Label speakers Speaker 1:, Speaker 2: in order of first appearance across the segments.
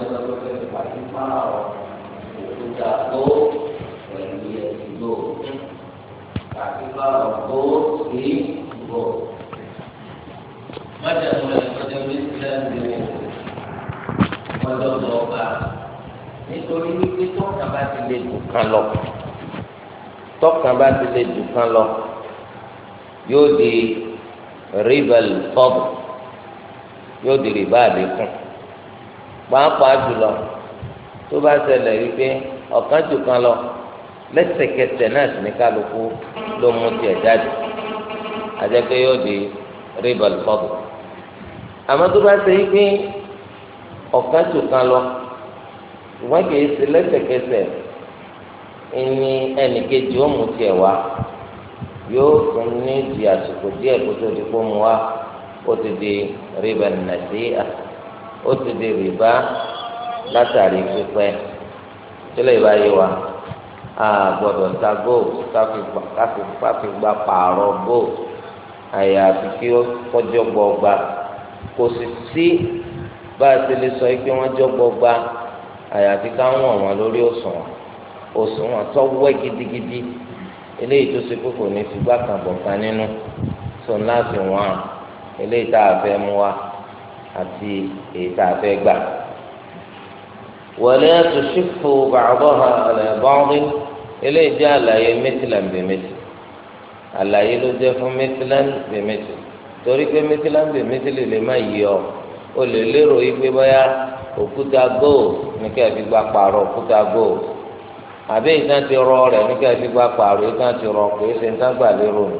Speaker 1: mẹ́ta ló fẹ́ fà sí fáà ọ̀ òkúta tó pẹ̀lú ẹ̀sìn tó àti fáà ọ̀ tó sí bò. mọ́tà tó lẹ́nu tọ́jú ní sílẹ̀ǹdì ọjọ́ tó ọba nítorí wípé tọ́kàn bá ti lè dùn lọ tọ́kàn bá ti lè dùn lọ yóò di ribal fọ́bù yóò di ribal lẹ́kùn pàápàá jùlọ tó bá ṣẹlẹ̀ wípé ọ̀kan jù kan lọ lẹ́sẹ̀kẹsẹ̀ náà sì ní kálukú ló mú tiẹ̀ jáde àjẹpé yóò di ribal fadl àmọ́ tó bá ṣe wípé ọ̀kan jù kan lọ ìwọ́n kìí ṣe lẹ́sẹ̀kẹsẹ̀ ìní ẹnìkejì ó mú tiẹ̀ wá yóò tún ní di àsìkò díẹ̀ kó tó di kó mu wá ó ti di ribal nasi'a ó ti di rìbá látàrí pípẹ́ tílẹ̀ ìbáyé wa a gbọ́dọ̀ ta gold káfíńpá gba pààrọ̀ gold àyàfi kí ó kọjọ́ gbọgba kò sì sí bá a ti lè sọ pé wọ́n jọ gbọgba àyàfi ká wọ̀n wọn lórí òṣùwọ̀n òṣùwọ̀n tó wẹ́ gidigidi eléyìí tó ṣe pé ní fi gbàkànbọ̀ kan nínú tó ńlá fi wọ́n eléyìí tá a fẹ́ mú wa àti èyí tá a fẹ́ gbà. wọlé àtúnṣepọ̀ bàbá ọ̀nàbọ́nrin eléyìí jẹ́ àlàyé mẹ́tìlá bẹ̀mẹ́tì àlàyé ló jẹ́ fún mẹ́tìlá bẹ̀mẹ́tì torí pé mẹ́tìlá bẹ̀mẹ́tì lè lè má yí ọ o lè lérò yí pé bóyá òkúta gold ní kí ẹ fi gba pààrọ̀ òkúta gold àbí ìtàn ti rọ rẹ̀ ní kí fi gba pààrọ̀ ìtàn ti rọ kò ìtàn gbà lérò ní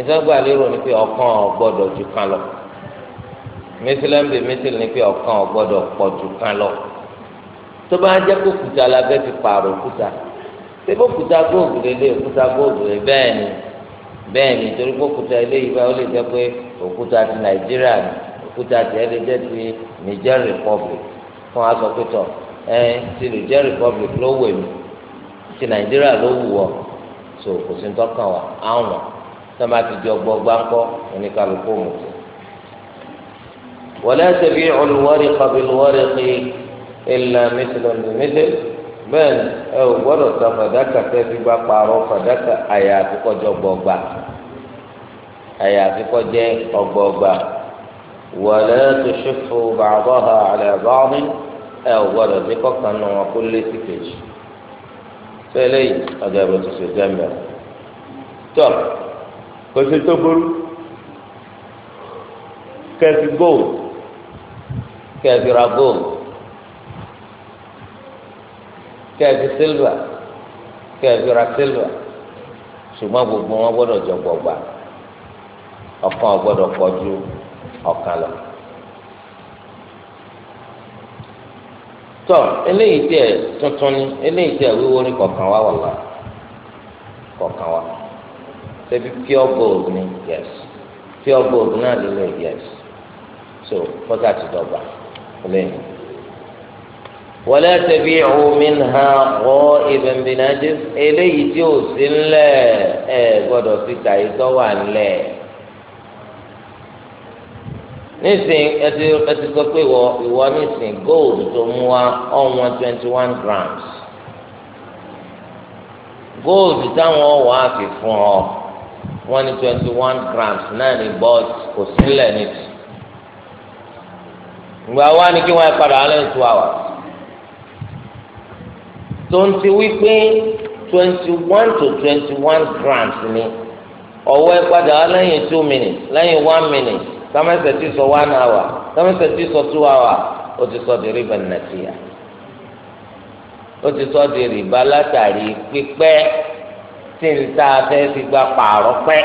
Speaker 1: ìtàn gbà lérò ní pé ọkàn ò ju kan lọ mísílẹ̀ ń bè mísílẹ̀ ní pé ọ̀kan ọ̀gbọ́dọ̀ pọ̀ jù kan lọ tó bá jẹ́ kó kùtà la fẹ́ ti pààrọ̀ kùtà ṣé kó kùtà góògù lélẹ̀ kùtà góògù lé bẹ́ẹ̀ ni bẹ́ẹ̀ ni torí kó kùtà eléyìí bá lè jẹ́ pé òkúta ti nàìjíríà ni òkúta tiẹ̀ lè jẹ́ ti Niger Republic fún wa sọ pé tọ̀ ẹ ti Niger Republic ló wẹ̀ mí ti nàìjíríà ló wù ọ́ so kò sí ní tọ́kàn wa àwọn tó bá ti jọ gbọ́ ولا تبيع الورق بالورق إلا مثل بمثل bẹ́ẹ̀ ẹ ò gbọ́dọ̀ ta fàdákà tẹ́ fi bá parọ́ fàdákà àyàfi kọjọ gbọgba àyàfi kọjẹ ọgbọgba wọlé tó ṣòfò bàbá ha àlẹ báwọn ẹ ò gbọ́dọ̀ fi kọkàn nù wọn kó lé sí kejì tẹ́lẹ̀ yìí ọjà ìbò tó ṣe jẹmẹ tọ kò sí tó burú kẹsì gold. kẹfì ra gold kẹfì silva kẹfì ra silva ṣùgbọ́n gbogbo wọn gbọ́dọ̀ jọ gbọ̀gbà ọ̀kan ọ̀gbọ́dọ̀ pọ̀ ju lọ. eléyìí tuntun ni eléyìí tẹ̀ wíwo ní kọ̀ọ̀kan wá ni yes pure gold náà lè yes so bọ́tà ti lẹ́nu. wala tabi'u minha gha'iban binajis eléyìí tí ò sí ńlẹ̀ ẹ gbọ́dọ̀ fi tàyè tó wà ńlẹ̀ nísìnyí ẹtì ẹtì sọ pé ìwọ ìwọ nísìnyí gold tó mú wa ọ̀wọ́n twenty one grams gold táwọn ọ̀wọ́ á fi fún ọ wọ́n ní twenty one grams náà ní bọ́ọ̀tì kò sílẹ̀ níbi ìgbà wa ni kí wọ́n padà wọ́n lẹ́yìn two hours tó ń wípé twenty one to twenty one grams ni ọwọ́ ẹ padà wọ́n lẹ́yìn two minutes lẹ́yìn one minute sámẹ́sẹ̀ tí sọ one hour sámẹ́sẹ̀ tí sọ two hours ó ti sọ di rìbá nàìjíríà ó ti sọ di rìbá látàrí pípẹ́ tí n ta fẹ́ fi gba pààrọ̀ pẹ́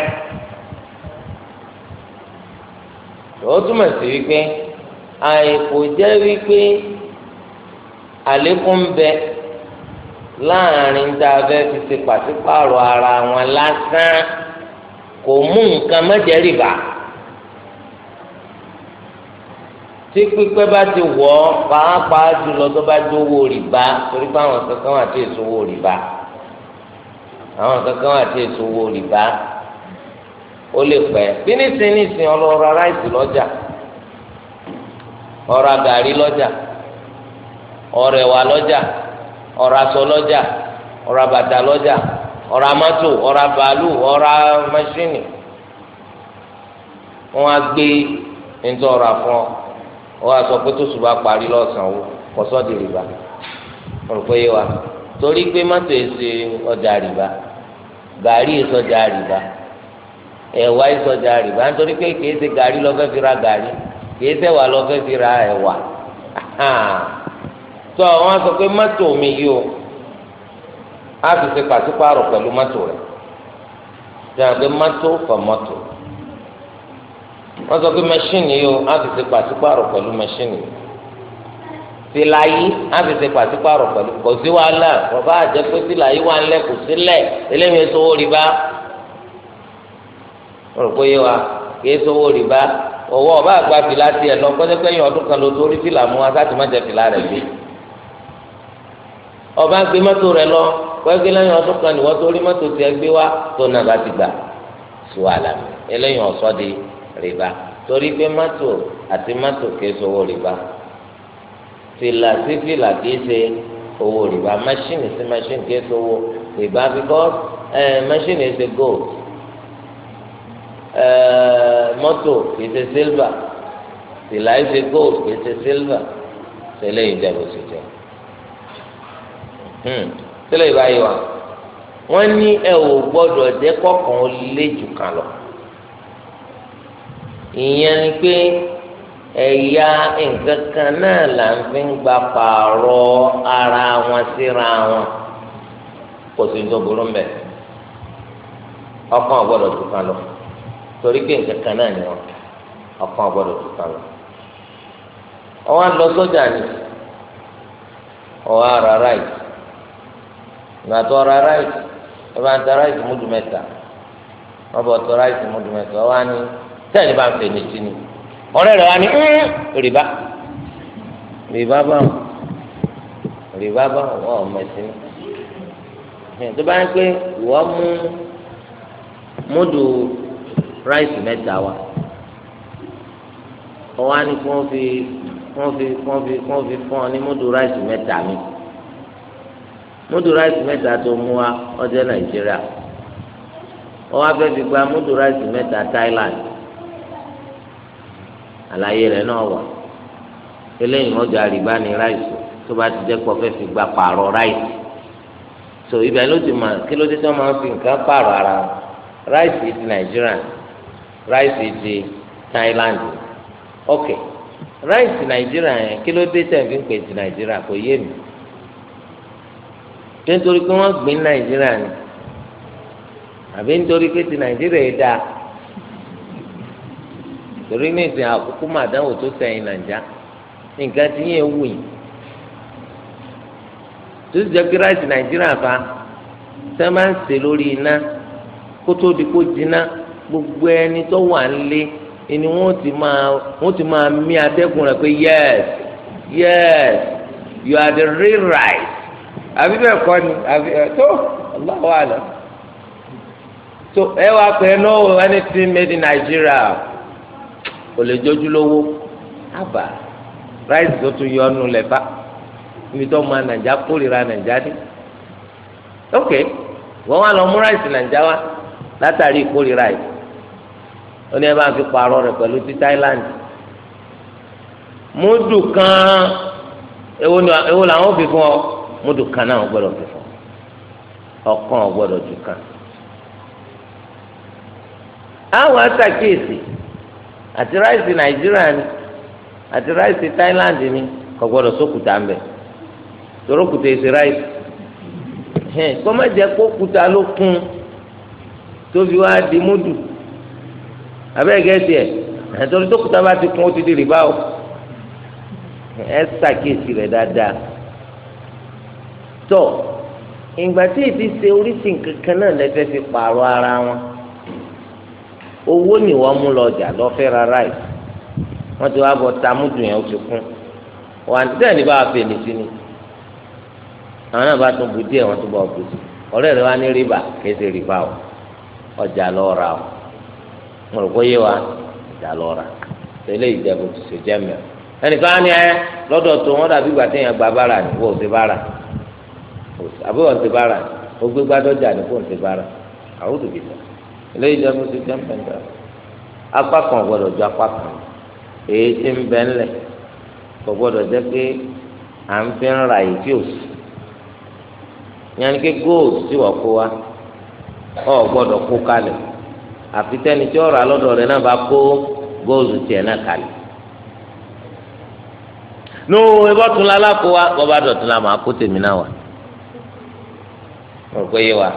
Speaker 1: ó túmọ̀ sí wípé àìkò jẹ́ wípé àlékún bẹ láàrin tá a fẹ́ fi ṣe pàṣípààrọ̀ ara wọn lásán kò mú nǹkan mẹ́jẹ̀rìbà tí pípẹ́ bá ti wọ̀ ọ́ pàápàá jùlọ tó bá jó owó rìbá torí pé àwọn kankan wà tí èso owó rìbá àwọn kankan wà tí èso owó rìbá ó lè pẹ́ bí nísìnyí nísìnyí ọlọ́rọ̀ aráàlú lọ́jà. ọ̀rọ̀ agàrí lọjà, ọrịa ẹ̀wà lọjà, ọ̀rọ̀ aṣọ lọjà, ọ̀rọ̀ àbàtà lọjà, ọ̀rọ̀ amátò ọ̀rọ̀ bàálù ọ̀rọ̀ mẹṣíìnì wọn á gbé nítorí ọ̀rọ̀ àfọ wọn á sọ pé tó ṣùgbọ́n di rìbá pé yé wa torí pé mọ́tò èsè ọjà rìbá gàrí ìsọjà rìbá ìsọjà rìbá pé kìí ṣe gàrí kìí sẹ́wà lọ fẹ́ fi ra ẹ̀wà tó wọn sọ pé mọ́tò mi yìí o á fi ṣe pàṣípààrọ̀ pẹ̀lú mọ́tò rẹ̀ sọ pé mọ́tò fọ mọ́tò wọn sọ pé mẹṣíìnì yìí o á fi ṣe pàṣípààrọ̀ pẹ̀lú mẹṣíìnì yìí silayi àfi ṣe pàṣípàrọ̀ pẹ̀lú kò sí wàhálà bàbá àjẹ pé silayi wà ń lẹ kò sílẹ̀ eléyìí èso owó rìbá rò pé yé wa kì í sówó rìbá owó ọba àgbà fìlà tiẹ̀ lọ kọ́sẹ́kọ́ yẹn ọdún kan ló torí fìlà mú asáàtì má jẹ fìlà rẹ̀ gbé ọba gbé mọ́tò rẹ̀ lọ kọ́sẹ́kọ́ lẹ́yìn ọdún kan nìwọ́n torí mọ́tò tiẹ̀ gbé wá tó nà bá ti gbà sùn àlàmì ẹlẹ́yìn ọ̀sọ́ di rìbá torí pé mọ́tò àti mọ́tò kìí ṣe owó rìbá fìlà sí fìlà kìí ṣe owó rìbá máṣíìnì sí máṣíìnì kìí ṣe owó rìbá because eh, máṣíìnì ṣe gold. Eh, mọ́tò kìí ṣe sílvà tìlà ìṣe gold kìí ṣe sílvà tẹ́lẹ̀ yìí jẹ́ bó ṣe jẹ́ tẹ́lẹ̀ hmm. yìí báyìí wà wọ́n ní ẹ ò gbọ́dọ̀ jẹ́ kọ̀ọ̀kan ó lé jù kan lọ ìyẹn ni pé ẹ̀yà nǹkan kan náà là ń fi gba pààrọ̀ ara wọn síra wọn kò sí ní tó burú mbẹ ọkàn ò gbọ́dọ̀ kan lọ torí pé nǹkan kan náà ni wọn ọkàn gbọ́dọ̀ tó kan lọ ọwọ́ lọ sọ́jà ni ọwọ́ ara ráìtì ìgbàtọ ọra ráìtì ẹ bá ń ta ráìtì múdù mẹ́ta wọn bọ tọ ráìtì múdù mẹ́ta ọwọ́ ni tẹ́lẹ̀ bá ń fẹ́ létí ni ọ̀rẹ́ rẹ̀ wá ní rìbá rìbá báwọn rìbá báwọn wọn ò mẹsìn ní tó bá ń pé ìwọ mú múdù. Rice mẹ́ta wa ọwọ́ á ní kí wọ́n fi wọ́n fi wọ́n fi wọ́n fi fún ọ ní múdù ráìsì mẹ́ta mi múdù rice mẹ́ta tó mú wa ọjọ́ nàìjíríà ọwọ́ afẹ́ fi gba múdù ráìsì mẹ́ta Thailand àlàyé rẹ̀ náà wà eléyìí wọ́n jọ àrìbá ní ráìsì tó bá ti jẹ́ pọ̀ fẹ́ fi gba pààrọ̀ ráìsì so ibẹ̀ ló ti mọ̀ kí ló dé tí wọ́n máa ń fi nǹkan pààrọ̀ ara ráìsì ti nàìjíríà ráìsì di Thailand ok ráìsì nàìjíríà yẹn kí ló dé tẹ̀fí ń pè ti nàìjíríà kò yé mi ṣé nítorí pé wọ́n gbìn nàìjíríà ni àbí nítorí pé ti nàìjíríà yẹn dáa torí ní ìsìn àkókò màdánwò tó sẹ́yìn nàìjà nǹkan ti yẹn wù yìí tó sì jẹ́ pé ráìsì nàìjíríà fa sẹ́ máa ń sè lórí iná kó tó di kó gbogbo ẹni tó wà nílé ni wọ́n ti máa wọ́n ti máa mí atẹ́kùn rẹ̀ pé yes yes you are the real right àbí bẹ́ẹ̀ kọ́ ni àbí tó Allahu alam tó ẹ wá pé no anything made in Nigeria ò lè jójú lówó àbá rice tó tún yọ ọ́nù lẹ́fà níbi tó máa nàìjà kórìíra nàìjà dé ok wọ́n wá lọ mú rice nàìjà wá látàrí ìkórìíra yìí ó ní ẹ bá fi pààrọ̀ rẹ̀ pẹ̀lú ti Thailand múdù kan èwo ni èwo làwọn fi fún ọ múdù kan náà gbọ́dọ̀ fi fún ọ ọ̀kan ju kan àwọn àtàkìyèsí àti ráìsì nàìjíríà ni àti ráìsì Thailand ni kò gbọ́dọ̀ sókùtà ń bẹ torókùtà èsì ráìsì kọ́mọ̀jẹ́ kókùtà ló kún tóbi wá di múdù abẹ́rẹ́ gẹ́sì ẹ̀ ẹ̀tọ́rí tó kúta bá ti kún ó ti di rìbá o ẹ ṣàkíyèsí rẹ̀ dáadáa tó ìgbà tí èdè ṣe oríṣi kankan náà lẹ́fẹ́ fi pààrọ̀ ara wọn owó ni wọ́n mú lọ ọjà lọ́fẹ́ rárá yìí wọ́n ti wá bọ̀ tamúdù yẹn ó ti kún wà á tẹ̀ ní bá a fèlè sí ni àwọn náà bá tún bu díẹ̀ wọ́n tún bọ̀ bu sí ọ̀rẹ́ rẹ̀ wá ní rìbá kì í ṣe rìbá o ọjà lọ́ọ́ ra o. mo rò wa ìjà lọ rà tẹ́lẹ̀ ìjẹbù ti ṣe jẹ mẹ ẹnìkan á ní ẹ lọ́dọ̀ tó wọn dàbí gba bára ni wọn ò ṣe bára àbí wọn bára ó gbé ni bára ti jẹ mẹta apá kan gbọ́dọ̀ ju apá kan èyí ń bẹ kò jẹ pé à ń fi ń ra èyí tí ò sí góòlù kó wa ọ kó kalẹ̀. àfi tẹ́ni tí ọ̀rọ̀ alọ́dọ̀ rẹ̀ náà bá kó góòlù tiẹ̀ náà kalẹ̀ nù ìbọ̀tún la lákò wa bọ́bá dọ̀tún la máa kó tèmi náà wà mọ̀ pé yé wa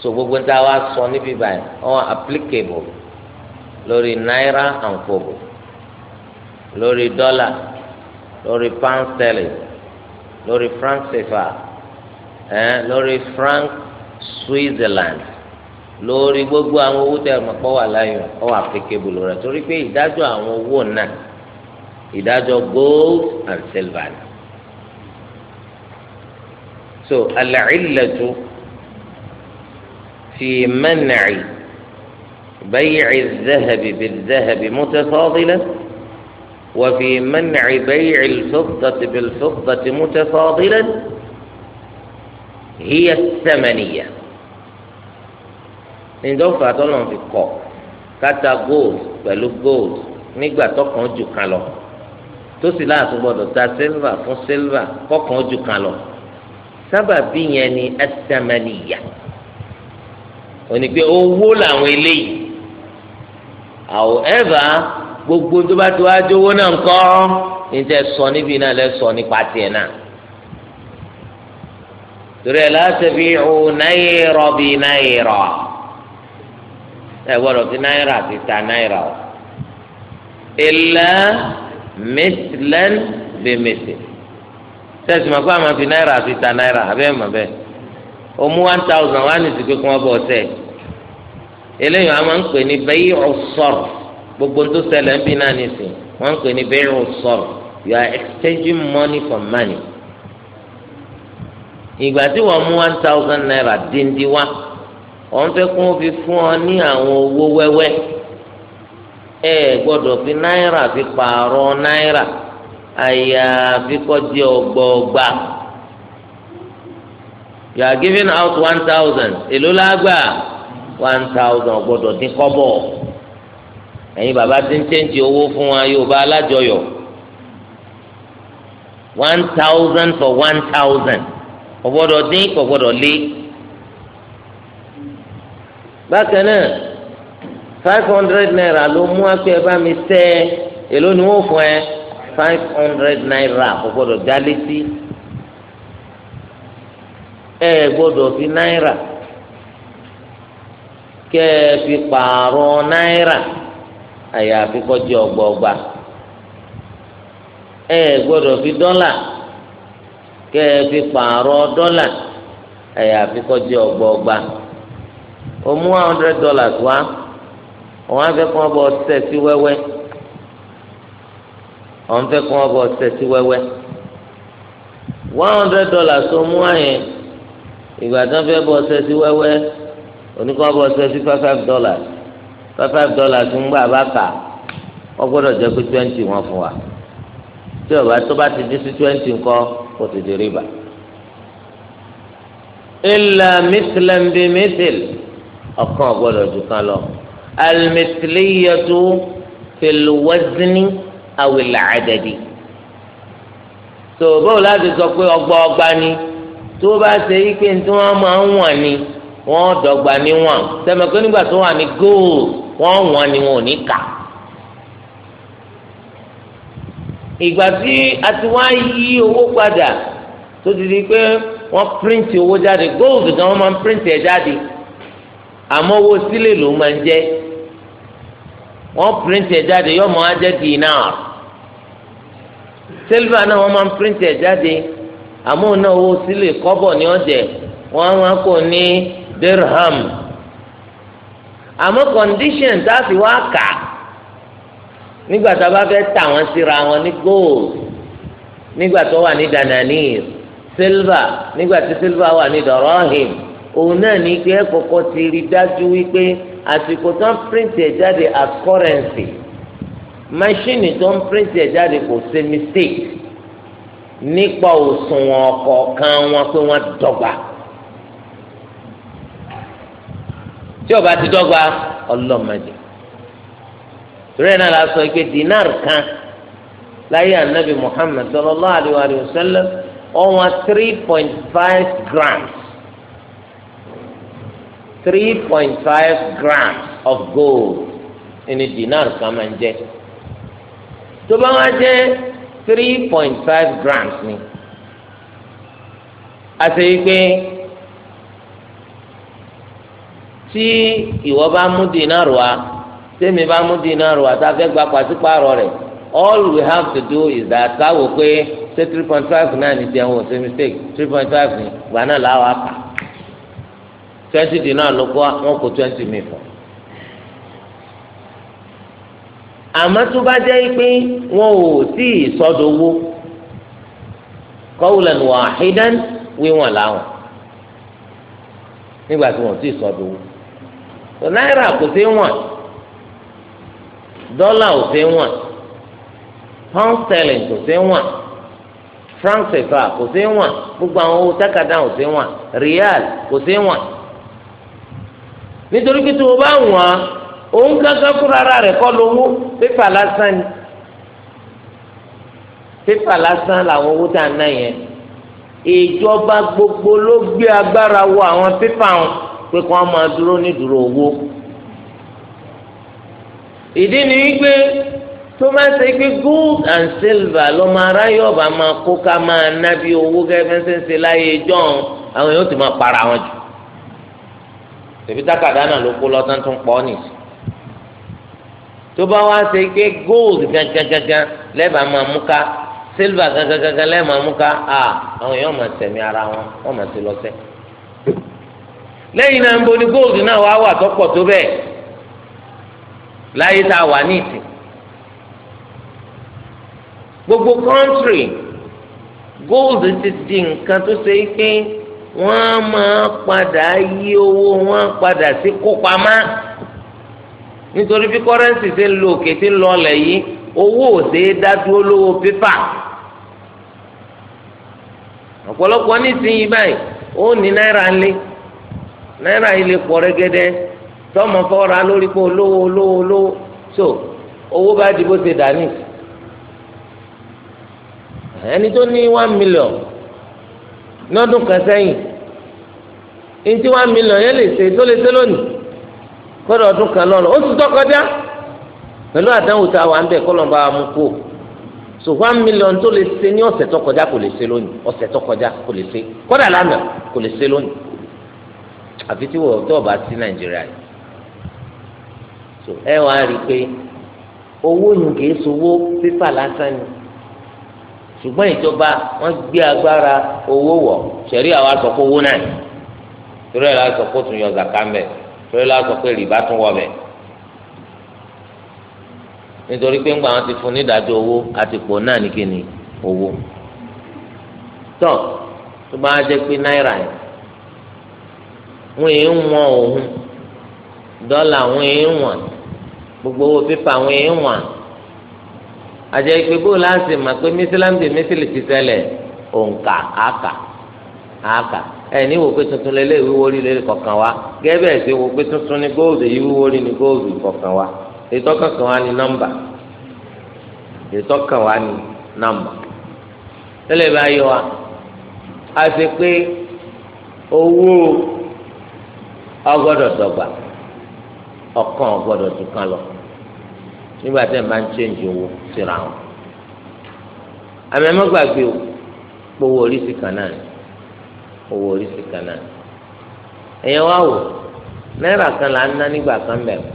Speaker 1: so gbogbo tá a wá sọ níbí báyìí ọ̀ applicable lórí náírà and kobo lórí dọ́là lórí pound sterling lórí franc CFA eh, lórí franc Switzerland lórí gbogbo àwọn owó tẹ ọmọ pọ wà láyò ọ wà applicable rẹ torí pé ìdájọ́ àwọn owó náà ìdájọ́ gold and silver ni so al-illatu fi man'i bay'i az-zahabi bil-zahabi mutafadila wa fi man'i bay'i al-fiddati bil-fiddati hiya ath ǹjọ́ fà tọ́lọ̀ fi kọ̀ káta gold pẹ̀lú gold nígbà tọkàn jù kan lọ tó sì láàtú gbọdọ̀ ta sílvà fún sílvà kọkàn jù kan lọ sábàbí yẹn ni òní pé owó làwọn eléyìí gbogbo tó bá tó wá náà ń kọ́ níta sọ níbi náà lẹ sọ nípa tiẹ̀ náà torí ẹ̀ láti fi hù bí ẹ gbọ́dọ̀ fi náírà ti ta náírà o ilẹ mẹsìlẹn bẹ mẹsì sẹsì máa kó àwọn fi náírà ti ta náírà abẹ mọ bẹ o mú one thousand wá ní ìsìnkú kí wọn bọ ọtẹ eléyìí wọn máa ń pè ní bẹyì ọsọrọ gbogbo tó ṣẹlẹ̀ ń bí náà nìsín wọn ń pè ní bẹyì ọsọrọ you are exchanging money for money ìgbà tí wọn mú one thousand naira dín dín wá òun fẹ́ kó fi fún ọ ní àwọn owó wẹ́wẹ́ ẹ gbọ́dọ̀ fi náírà fi pààrọ̀ náírà àyàfi kó jẹ́ ọgbọọgba you are giving out one thousand èló lágbà one thousand gbọ́dọ̀ dín kọ́bọ̀ ẹ̀yin bàbá ti ń tẹ́ǹtì owó fún wa yóò bá alájọyọ̀ one thousand for one thousand kò gbọ́dọ̀ dín kò gbọ́dọ̀ lé. bákan náà five hundred naira ló mú akpé ẹ bá mi tẹ èló ni fún ẹ five hundred naira kò gbọ́dọ̀ dá létí ẹ gbọ́dọ̀ fi naira kẹ́ ẹ fi naira àyàfi kọjá ọgbọọgba ẹ fi ẹ fi ọgbọọgba. o mú one hundred dollars wá òun á fẹ́ kó wọn bọ ọtẹ sí wẹ́wẹ́ òun fẹ́ kó wọn bọ sí wẹ́wẹ́ one hundred dollars o mú àyẹn ìgbà tó ń fẹ́ bọ ọtẹ sí wẹ́wẹ́ oníkọ́ bọ ọtẹ sí five five dollars five five dollars ń gbà bá kà wọ́n gbọ́dọ̀ jẹ́ pé twenty wọ́n fún wa tí ọba tó bá ti dín sí twenty ńkọ́ kò sì di rìbá. ilà mísìlẹ̀ ń bí mísìlẹ̀ ọ̀kan ọ̀gbọ́dọ̀ ju kan lọ. alimetiliyatu filwazini awil adadi. tó o báwo láti sọ pé ọgbà ọgbà ni tó o bá ṣe ike tí wọ́n máa ń wọ̀n ni wọ́n dọ́gba níwọ̀n tẹ̀mẹ̀ pé nígbà tó wà ní gold wọ́n wọ̀n ni wọn ò ní kà. ìgbà tí a ti wá yí owó padà tó ti di pé wọ́n píríǹtì owó jáde gold gan wọ́n máa ń píríǹtì ẹ̀ jáde. àmọ́ owó sílè ló máa ń jẹ́ wọ́n píríǹtì ẹ̀ jáde yóò máa jẹ́ dínàr sílvà náà wọ́n máa ń píríǹtì ẹ̀ jáde àmọ́ náà owó sílè kọ́bọ̀ ni jẹ́ wọ́n ní àmọ́ condition tá wá kà nígbà tá a bá fẹ́ tà wọ́n síra wọn ní gold nígbà tó wà ní dananir silver nígbà tí wà ní òun náà ní pé ẹ ti rí dájú wípé àsìkò tó ń print ẹ̀ jáde as currency máṣíìnì tó ń print ẹ̀ jáde kò mistake nípa òṣùwọ̀n ọkọ̀ kan wọn pé wọ́n dọ́gba. tí ti dọ́gba ọlọ́mọdé torí ẹ̀ náà la sọ pé dinar kan láyé anabi Muhammad sallallahu alayhi wa sallam ọ̀wọ́n three point five grams three point five grams of gold ẹni dinar kan máa ń jẹ tó bá wá jẹ three point five grams ni àti pé tí ìwọ bá mú dinar wá tèmi bá mú dinar wá tá a fẹ́ gba pàṣípààrọ̀ rẹ̀ all we have to do is that káwọ pé ṣé three point five náà ní tiẹ̀ ṣe mistake three point five ní gbà làwọn á twenty dinar ló kó wọn kó twenty mi fún. àmọ́ tó bá jẹ́ pé wọn ò tí ì sọ́dọ̀ owó qawlan wahidan wíwọ̀n láwọn nígbà tí wọn ò tí ì sọ́dọ̀ owó. tó náírà kò sí wọn dọ́là ò sí wọn pound sterling kò sí wọn franc CFA kò sí wọn gbogbo àwọn owó tákàdá ò sí wọn rial kò sí wọn nítorí pé tó o bá wọ̀n á òun gángan fúnra ara rẹ̀ kọ́ lówó pépà lásán ni pépà lásán làwọn owó tá a ná yẹn ìjọba gbogbo ló gbé agbára wọ àwọn pépà wọn pé kí wọ́n máa dúró nídúró owó ìdí ni wípé tó máa ṣe pé gold and silver ló máa ráyè ọba máa kó ká máa ná bí owó gẹ́gẹ́ fẹ́ ṣe ń ṣe láyé john àwọn yóò ti máa para wọn jù tẹ̀bí tákàdá náà ló kó lọ́tàn tó ń pọ̀ nìyí tó bá wá ṣe pé gold gangan lẹ́bàá máa mú ká silver gangan lẹ́bàá máa mú ká à àwọn èèyàn máa tẹ̀mí ara wọn wọ́n máa ti lọ́sẹ̀. lẹ́yìn náà ń bo ni gold náà wá wà tọ́pọ̀ tó bẹ́ẹ̀ láyé tá a wà ní ìsìn gbogbo country gold ti di nǹkan tó ṣe é pé wọ́n máa padà yí owó wọn padà sí kópamọ́ nítorí bí kọ́rẹ́ǹsì ti ń lo òkè ti ń lọlẹ̀ yìí owó ò ṣe é dájú olówó pépà ọ̀pọ̀lọpọ̀ nísìnyí báyìí ó ní náírà ńlé náírà yìí lè pọ̀ rẹ́gẹ́dẹ́ tọ́mọ fọ́ra lórí pé olówó olówó olówó so owó bá di bó ṣe dà ní ẹni tó ní one million lọ́dún kan sẹ́yìn ntí one million yẹn lè ṣe tó lè ṣe lónìí kọ́dọ̀ ọdún kan lọ́nà ó ti tọ́kọjá pẹ̀lú àdánwò tá a wà ń bẹ̀ kọ́lọ̀ bá a mú kó so one million tó lè ṣe ní ọ̀sẹ̀ tó kọjá kò lè ṣe lónìí ọ̀sẹ̀ tó kọjá kò lè ṣe kọ́dà lánàá kò lè ṣe lónìí àfi tí wọ́n tó ọba sí nàìjíríà yìí so ẹ wàá rí i pé owó yìí kì í sowó pípà lásán ni ṣùgbọ́n ìjọba wọ́n gbé agbára owó wọ̀ ṣẹ̀rí àwa sọ pé owó náà torí ẹ̀ la sọ pé tún yọ zaka ń bẹ̀ torí ẹ̀ la sọ pé rìbá tún wọ̀ bẹ̀ nítorí pé ńgbà wọn ti fún nídàájọ́ owó àtìpó náà ní kíni owó tọ tó bá jẹ́ pé náírà yẹn wọn èé wọn òun dọ́là wọn èé wọn gbogbo owó pépà wọn èé wọn àjẹ́ ìpè bó láǹsì mà pé mísílámdì mísílì ti misili òǹkà àkà àkà ẹni wò pé tuntun lélẹ̀ ìwúwo rí lélẹ̀ kọ̀ọ̀kan wa gẹ́gẹ́ wò pé tuntun ní góòlù ìwúwo rí ní góòlù kọ̀ọ̀kan wa ètò wa ni nọ́mbà ètò wa nọ́mbà bá yọ wa a ṣe pé kan nígbà tẹ́ ẹ̀ máa ń chẹ́ǹjì owó síra wọn. àmì ẹ̀mọ́ gbàgbé o owó oríṣi kan náà ni owó oríṣi kan náà ni. ẹ̀yẹ wá wò náírà kan là ń ná nígbà kan bẹ̀rẹ̀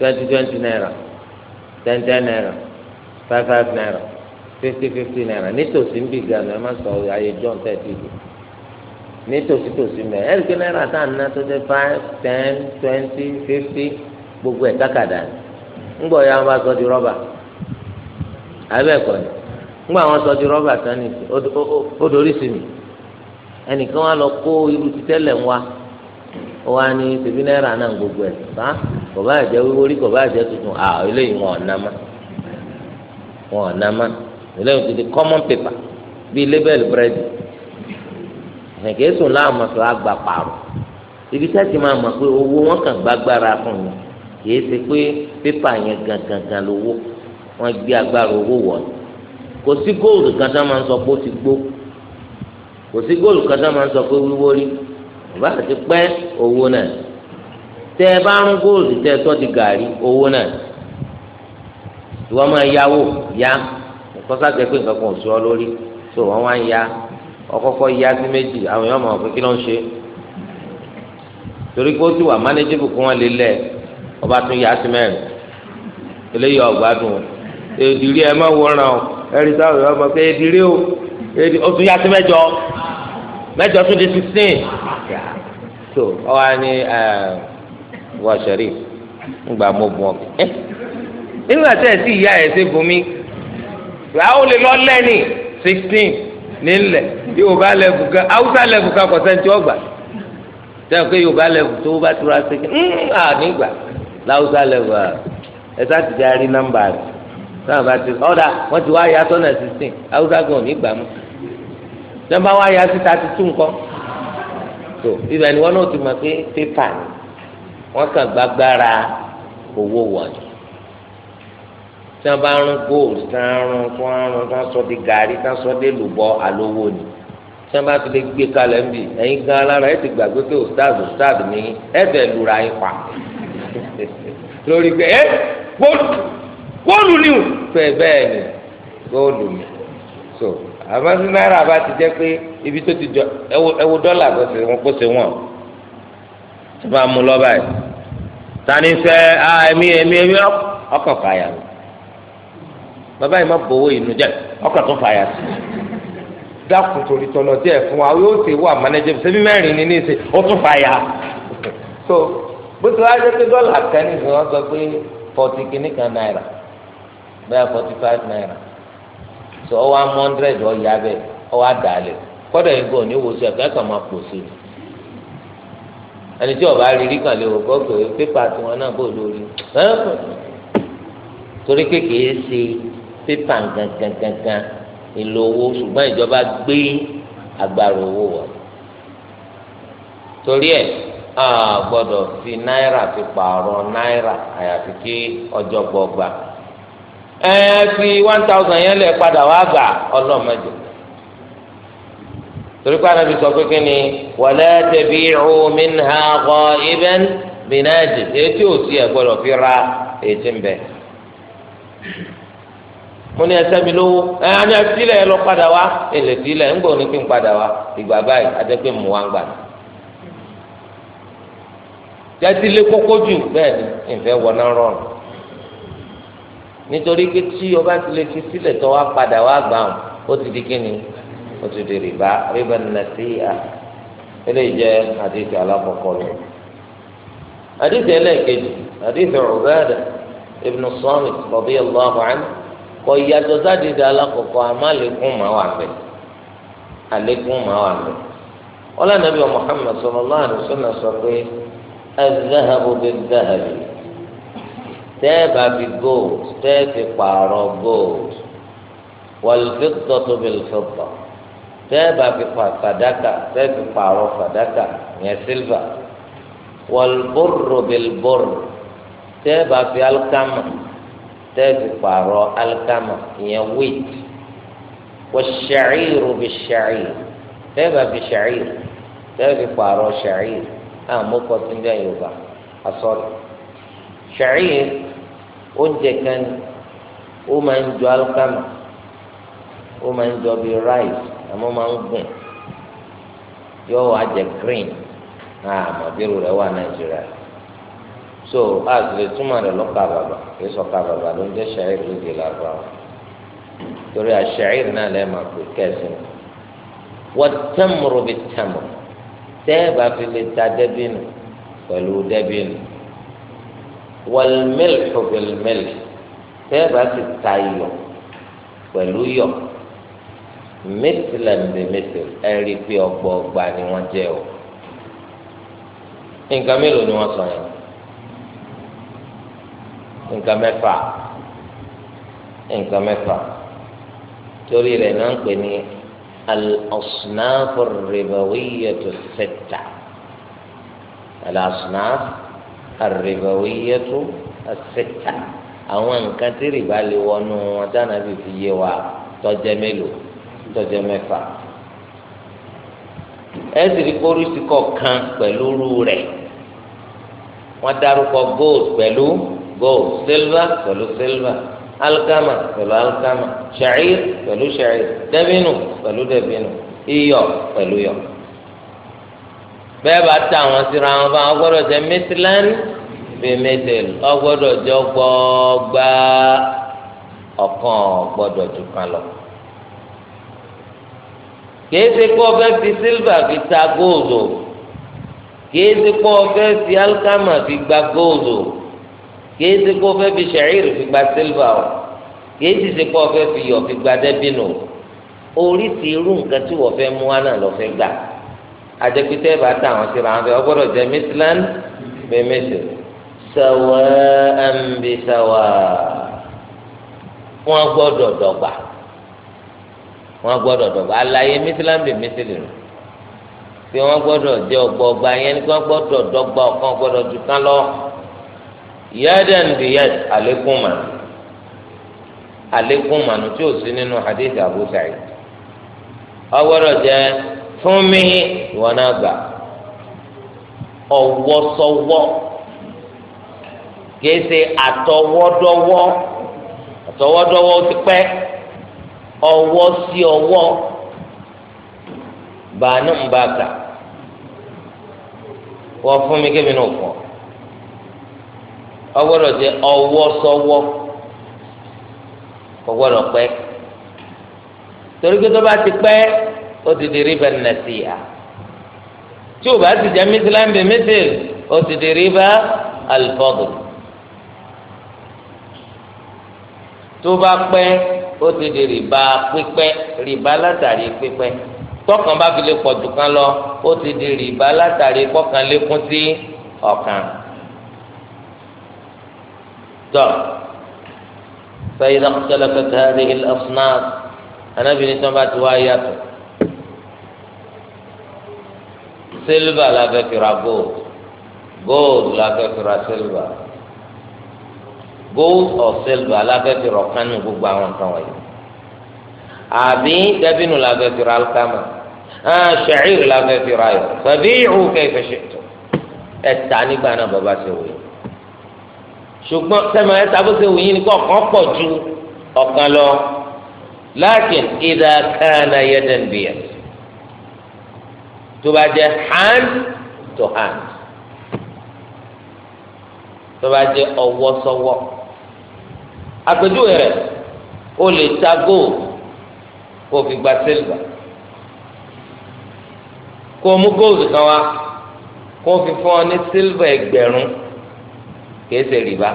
Speaker 1: twenty twenty naira ten ten naira five five naira fifty fifty naira nítòsí ń bì gan, ẹ má sọ ayé john thirty bì nítòsí tòsí mẹ ẹ rí i pé náírà tá à ń ná tó dé five ten twenty fifty gbogbo ẹ̀ kákàdá ni ńgbọ̀ ya wọn bá sọ di rọ́bà àbẹ́ẹ̀kọ́ ni ńgbọ̀ àwọn sọ di tán ni ó dorí sí mi ẹnìkan wá lọ kó irú ti tẹ́lẹ̀ ń wá wá ní tèmi náírà náà gbogbo ẹ̀ bá kò Kọbaa jẹ́ tuntun à eléyìí wọn ò ná má wọn ò ná má eléyìí ti di common paper bíi label sọ ibi sẹ́ẹ̀tì máa mọ̀ pé owó wọn kàn fún mi kìí ṣe pé pépà yẹn gangan lówó wọ́n gbé agbára owó wọ̀ ni kò sí góòlù kan tá máa ń sọ pé ó ti gbó kò sí góòlù kan tá máa ń sọ pé wíwó rí bàbá àti pẹ́ owó náà tẹ́ ẹ bá ń góòlù tẹ́ ẹ tọ́ di gàrí owó náà ìwọ máa yáwó yá kọ́sá jẹ́ pé nǹkan kan ò sí ọ lórí tó wọ́n wá ń ya ọkọ́kọ́ ya sí méjì àwọn èèyàn mọ̀ pé kí ló ń ṣe torí pé ó ti wà mánéjìbù kí wọ́n lè lẹ́ẹ̀ ọba tún yà á sí mẹ́rin eléyìí ọ̀gbádùn o èdìrí ẹ má wòran o ẹ̀rí sáwọn ìwà ọmọ pé èdìrí o èdì o tún yà sí mẹ́jọ mẹ́jọ tún di sixteen so ọ̀hà ni wọ́n ṣẹ̀rí ńgbà mo bùn ọ̀kẹ́ ẹ́ nígbà tẹ̀ sí ìyá ẹ̀ ṣe bùn mí àwọn olè lọ lẹ́ni sixteen nílẹ̀ yorùbá lẹ́bù kan haúsá lẹ́bù kan kọ̀ọ̀sẹ̀ ń tí ọgbà tẹ̀ pé yorùbá lẹ́bù tó bá tura ṣe kí ń hmm, à láwùsá lẹ́wà ẹ̀sà ti dá rí nọ́mbà rẹ̀ náà bá ti wá ya sọ́nà sixteen haúsá gan ní ìgbà mọ́ nọ́mbà wá ya sí thirty two nǹkan tó ibà ni wọ́n náà ti mọ̀ pé pépà ni wọ́n kàn gbàgbára owó wọ̀nyí tí wọ́n bá ń rún gold tí rún tí wọ́n rún sọ di gàrí tí sọ di lùbọ́ àlówó ni tí wọ́n bá ti lè gbé kalẹ̀ ń bì ẹ̀yin gan alára ẹ̀ ti gbàgbé pé ustaz ustaz ni ẹ̀ bẹ̀ lura yín pa. lórí pé ẹ góòlù ni o fẹ bẹ́ẹ̀ ni góòlù mi so àmọ́ sí náírà bá ti jẹ́ pé ibi tó ti jọ ẹwọ dọ́là kó ṣe wọn kó ṣe wọn tó bá mú lọ́ba yìí tani fẹ́ ẹ̀mí ẹ̀mí ẹ̀mí ọkọ̀ fàyà mi bàbá yìí má bọ̀wọ́ inú jẹ́ ọkọ̀ tó fàyà sí dákun torí tọ̀nà díẹ̀ fún wa yóò ṣe wà mánéjẹ́ sẹ́mi mẹ́rin ní ní ṣe ó tún fàyà so bó ti wáá jẹ́ pé dọ́là kan ní wọn sọ pé forty kìíní kan náírà bẹ́ẹ̀ forty five náírà sọ ọ wá one hundred ọ yá bẹ́ẹ̀ ọ wá dà á lẹ̀ kọ́dọ̀ yìí gbọ́ ní wosùn ẹ̀ka ẹ̀ka máa pò sí i ẹni tí ọba rírí kan lè wò gbọ́dọ̀ pépà tiwọn náà bò lórí torí kékeré ṣe pépà gangangangan èlò owó ṣùgbọ́n ìjọba gbé agbára owó wọ̀ torí ẹ̀. a fi náírà fi pààrọ̀ náírà àyàfi kí gbọgba ẹ fi one thousand yẹn lẹ padà wá gbà ọlọmọdé torí pé anabi sọ pé kí ni wala tabi'u minha gha'iban bìnáàjì etí òsì ẹ fi ra ètí ń bẹ mo ní ẹsẹ mi lówó ẹ lọ padà wá èlè ń jẹ́tí lé kókó jù bẹ́ẹ̀ ni ìfẹ́ wọná rọrùn nítorí pé tí ọba ti lè fi sílẹ̀ tó wá padà wá gbà ọ́n ó ti di kíni ó ti di rìbá rìbá nàṣíà eléyìí jẹ́ àdìsí alákọ̀ọ́kọ́ rẹ̀ àdìsí ẹlẹ́ẹ̀kejì àdìsí Ubadah ibn Samit radiyallahu anhu kọ ìyàtọ̀ sádìsí alákọ̀ọ́kọ́ àmọ́ àlékún wà bẹ́ẹ̀ àlékún màá wà bẹ́ẹ̀ ọlọ́nàbí Muhammad sallallahu alaihi wasallam sọ pé. الذهب بالذهب تابع بالجولد تابع جولد والفضة بالفضة تابع بفدكة تابع فدكة يا سيلفا والبر بالبر تابع بالكمة تابع الكمة يا ويت والشعير بالشعير تابع بشعير تابع شعير náà mú kọ́ tó ń jẹ́ yorùbá asọ́rọ̀ ah, ṣàríyè oúnjẹ kan ó máa ń jọ alukama ó máa ń jọ bí rice àmọ́ máa ń gùn yóò wá jẹ green ah, àmọ́ bí irú wà nàìjíríà so àtúntò túmọ̀ rẹ̀ lọ́kà bàbà kìí sọ̀kà bàbà ló ń jẹ́ ṣàríyè lóde làbà wọn torí àṣàríyè náà lẹ́ẹ̀ máa pè kẹ́sìn wọ́n tẹ́mùrù bí tẹ́mùrù tẹ́ẹ̀bà fi lè ta dẹ́bìnù pẹ̀lú dẹ́bìnù wàlmílìkù bìlmílì tẹ́ẹ̀bà sì ta iyọ̀ pẹ̀lú yọ̀ mísìlẹ̀mbì mísìlẹ̀ ẹ̀rí pé ọgbọọgba ni wọ́n jẹ́ o nǹkan mélòó ni wọ́n sọ yẹn nǹkan mẹ́fà nǹkan mẹ́fà torí rẹ̀ náà ń pè ní الأصناف الربوية الستة الأصناف الربوية الستة àwọn nǹkan tí rìbá lè wọnú wọn dáná bíi fi yé wa tọjẹ mélòó tọjẹ mẹ́fà ẹ sì rí kórìsì kọ̀ọ̀kan pẹ̀lú rú rẹ̀
Speaker 2: wọ́n dárúkọ gold pẹ̀lú gold silver pẹ̀lú silver alikama pẹ̀lú alikama ṣa'ir pẹ̀lú ṣa'ir dẹbinu
Speaker 1: pẹ̀lú dẹbinu iyọ̀ pẹ̀lú yọ̀ bẹ́ẹ̀ bá ta àwọn síra wọn bá wọn gbọ́dọ̀ jẹ mẹtìlán bíi mẹtìl ọ gbọ́dọ̀ jọ gbọgbà ọ̀kan gbọ́dọ̀ jù kan lọ kìí kó ọfẹ fi sílvà fi ta góòlù kìí kó ọfẹ fi alikama fi gba góòlù kìí ṣe kó fẹ́ fi ṣẹ̀rìrì fi gba sílvà o kìí sì ṣe kó fẹ́ fi yọ̀ fi gba dẹ́bìnù o orí ti irú nǹkan tí wọ́n fẹ́ mú wá náà lọ́ fẹ́ gbà àjẹpítẹ́ bá tà wọ́n síra wọn fẹ́ ọ gbọ́dọ̀ jẹ́ mísílán bẹ́ẹ̀ mẹ́sẹ̀ sàwọ́ ẹ̀ǹbì sàwọ́ wọ́n gbọ́dọ̀ dọ̀gba wọ́n gbọ́dọ̀ dọ̀gba àlàyé mísílán bẹ́ẹ̀ mẹ́sẹ̀lẹ̀ rẹ̀ pé wọ́n gbọ́dọ̀ jẹ́ ọgbọọgba yẹn ni wọ́n gbọ́dọ̀ dọ̀gba ọ̀kan gbọ́dọ̀ jù kan lọ. yadan bi yad alekuma manu alekun manu tí o sí nínú hadith abu sa'id ọwọ́rọ̀ jẹ fún mi ìwọ náà gbà ọwọ́sọwọ́ kìí ṣe ti pẹ ọwọ́ sí ọwọ́ bàánù ń mi ọgbọ́dọ̀ jẹ ọwọ́ sọ́wọ́ ọgbọ́dọ̀ pẹ́ torí pé tó bá ti pẹ́ ó ti di rìbá nàṣìyà tí o bá ti jẹ mísílámbì mísìl ó ti di rìbá alifọ́dù tó bá pẹ́ ó ti di rìbá pípẹ́ rìbá látàrí pípẹ́ tọkàn bá fi lè pọ̀ jù kan lọ ó ti di rìbá látàrí kọkàn sí ọ̀kan tọ́ فإذا اختلفت هذه الأصناف أنا بنتم باتوايا سيلفا لا فكرة gold gold لا فكرة silver gold or silver لا فكرة kánú gbogbo àwọn kan wọ̀nyí àbí dẹ́bínú la fẹ́kìrì alikama ah ṣẹ̀ẹ́rì la fẹ́kìrì ayọ̀ fẹ́bí ìhù kẹ́fẹ́ ṣètò ẹ̀ta nígbà náà bàbá ṣe wòye ṣùgbọ́n sẹ́mi ẹ̀ ta bó ṣe wù yín ni kọ̀ọ̀kan pọ̀ ju ọ̀kan lọ lákin ìdá kánà yẹ́dẹ̀n bìyà tó bá jẹ́ hand to hand tó bá jẹ́ ọwọ́ sọ́wọ́ àpèjúwe rẹ̀ o lè ta gold kó fi gba silver kó o mú gold kan wá kó fi fún ọ ní silver ẹgbẹ̀rún. E kìí ṣe rìbá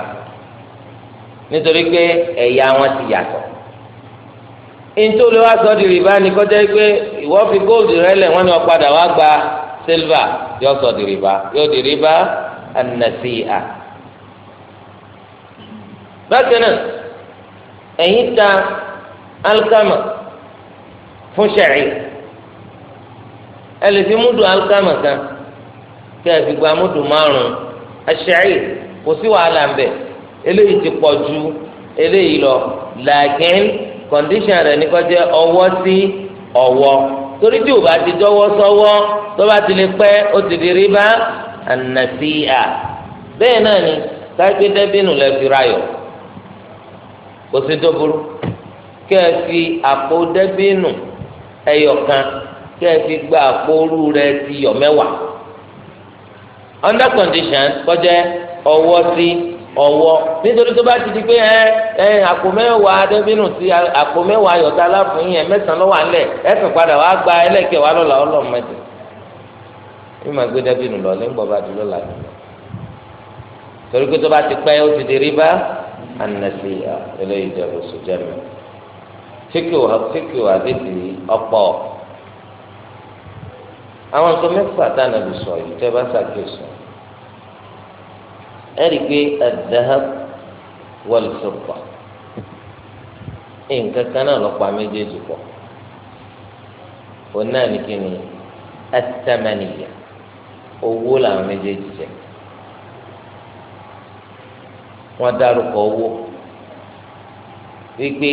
Speaker 1: nítorí pé ẹ̀yà wọn ti yàtọ̀ ntòlè wa sọ di rìbá ni kọjá pé ìwọ fi góòlù rẹ lẹ̀ wọ́n ní wọ́n padà wá gba sílvà yóò sọ di rìbá yóò di rìbá ànàsíà bákan náà ẹ̀yin ta alikama fún sẹ̀rí ẹ lè fi múdù alikama kan kí ẹ fi gba múdù márùn-ún ẹ̀sẹ̀rí. kò sí wàhálà ń bẹ eléyìí ti pọ̀ ju eléyìí lọ làákín kọ̀ǹdíṣàn rẹ̀ ní kọjá ọwọ́ sí ọwọ́ torí tí o bá ti dọ́wọ́ sọ́wọ́ tó bá ti lè pẹ́ ó ti di rìbá ànàfíà bẹ́ẹ̀ náà ni káyọ̀pé dẹ́bínú lè fi rayọ̀ kò sí tó burú kí ẹ fi àpò dẹ́bínú ẹyọkan kí ẹ fi gba àpò orú rẹ ti yọ̀ mẹ́wàá under condition kọjá ọwọ́ sí ọwọ nítorí tó bá ti di pé ẹ ẹ àpò mẹ́wàá dẹ́bínú sí àpò mẹ́wàá yọ̀tá aláfún yẹn mẹ́sàn-án lọ́wọ́ àlẹ̀ ẹ̀sìn padà wàá gba ẹlẹ́kẹ̀ wàá lọ́la ọlọ́mọdé bí màá gbé lọ lé bá torí pé tó bá ti ó ti di a ẹ̀rí pé adahab wal-fidda nǹkan kan náà lọ́pàá méjèèjì pọ̀ òun náà ní kí ni atamaniya owó làwọn méjèèjì jẹ wọ́n dárúkọ owó wípé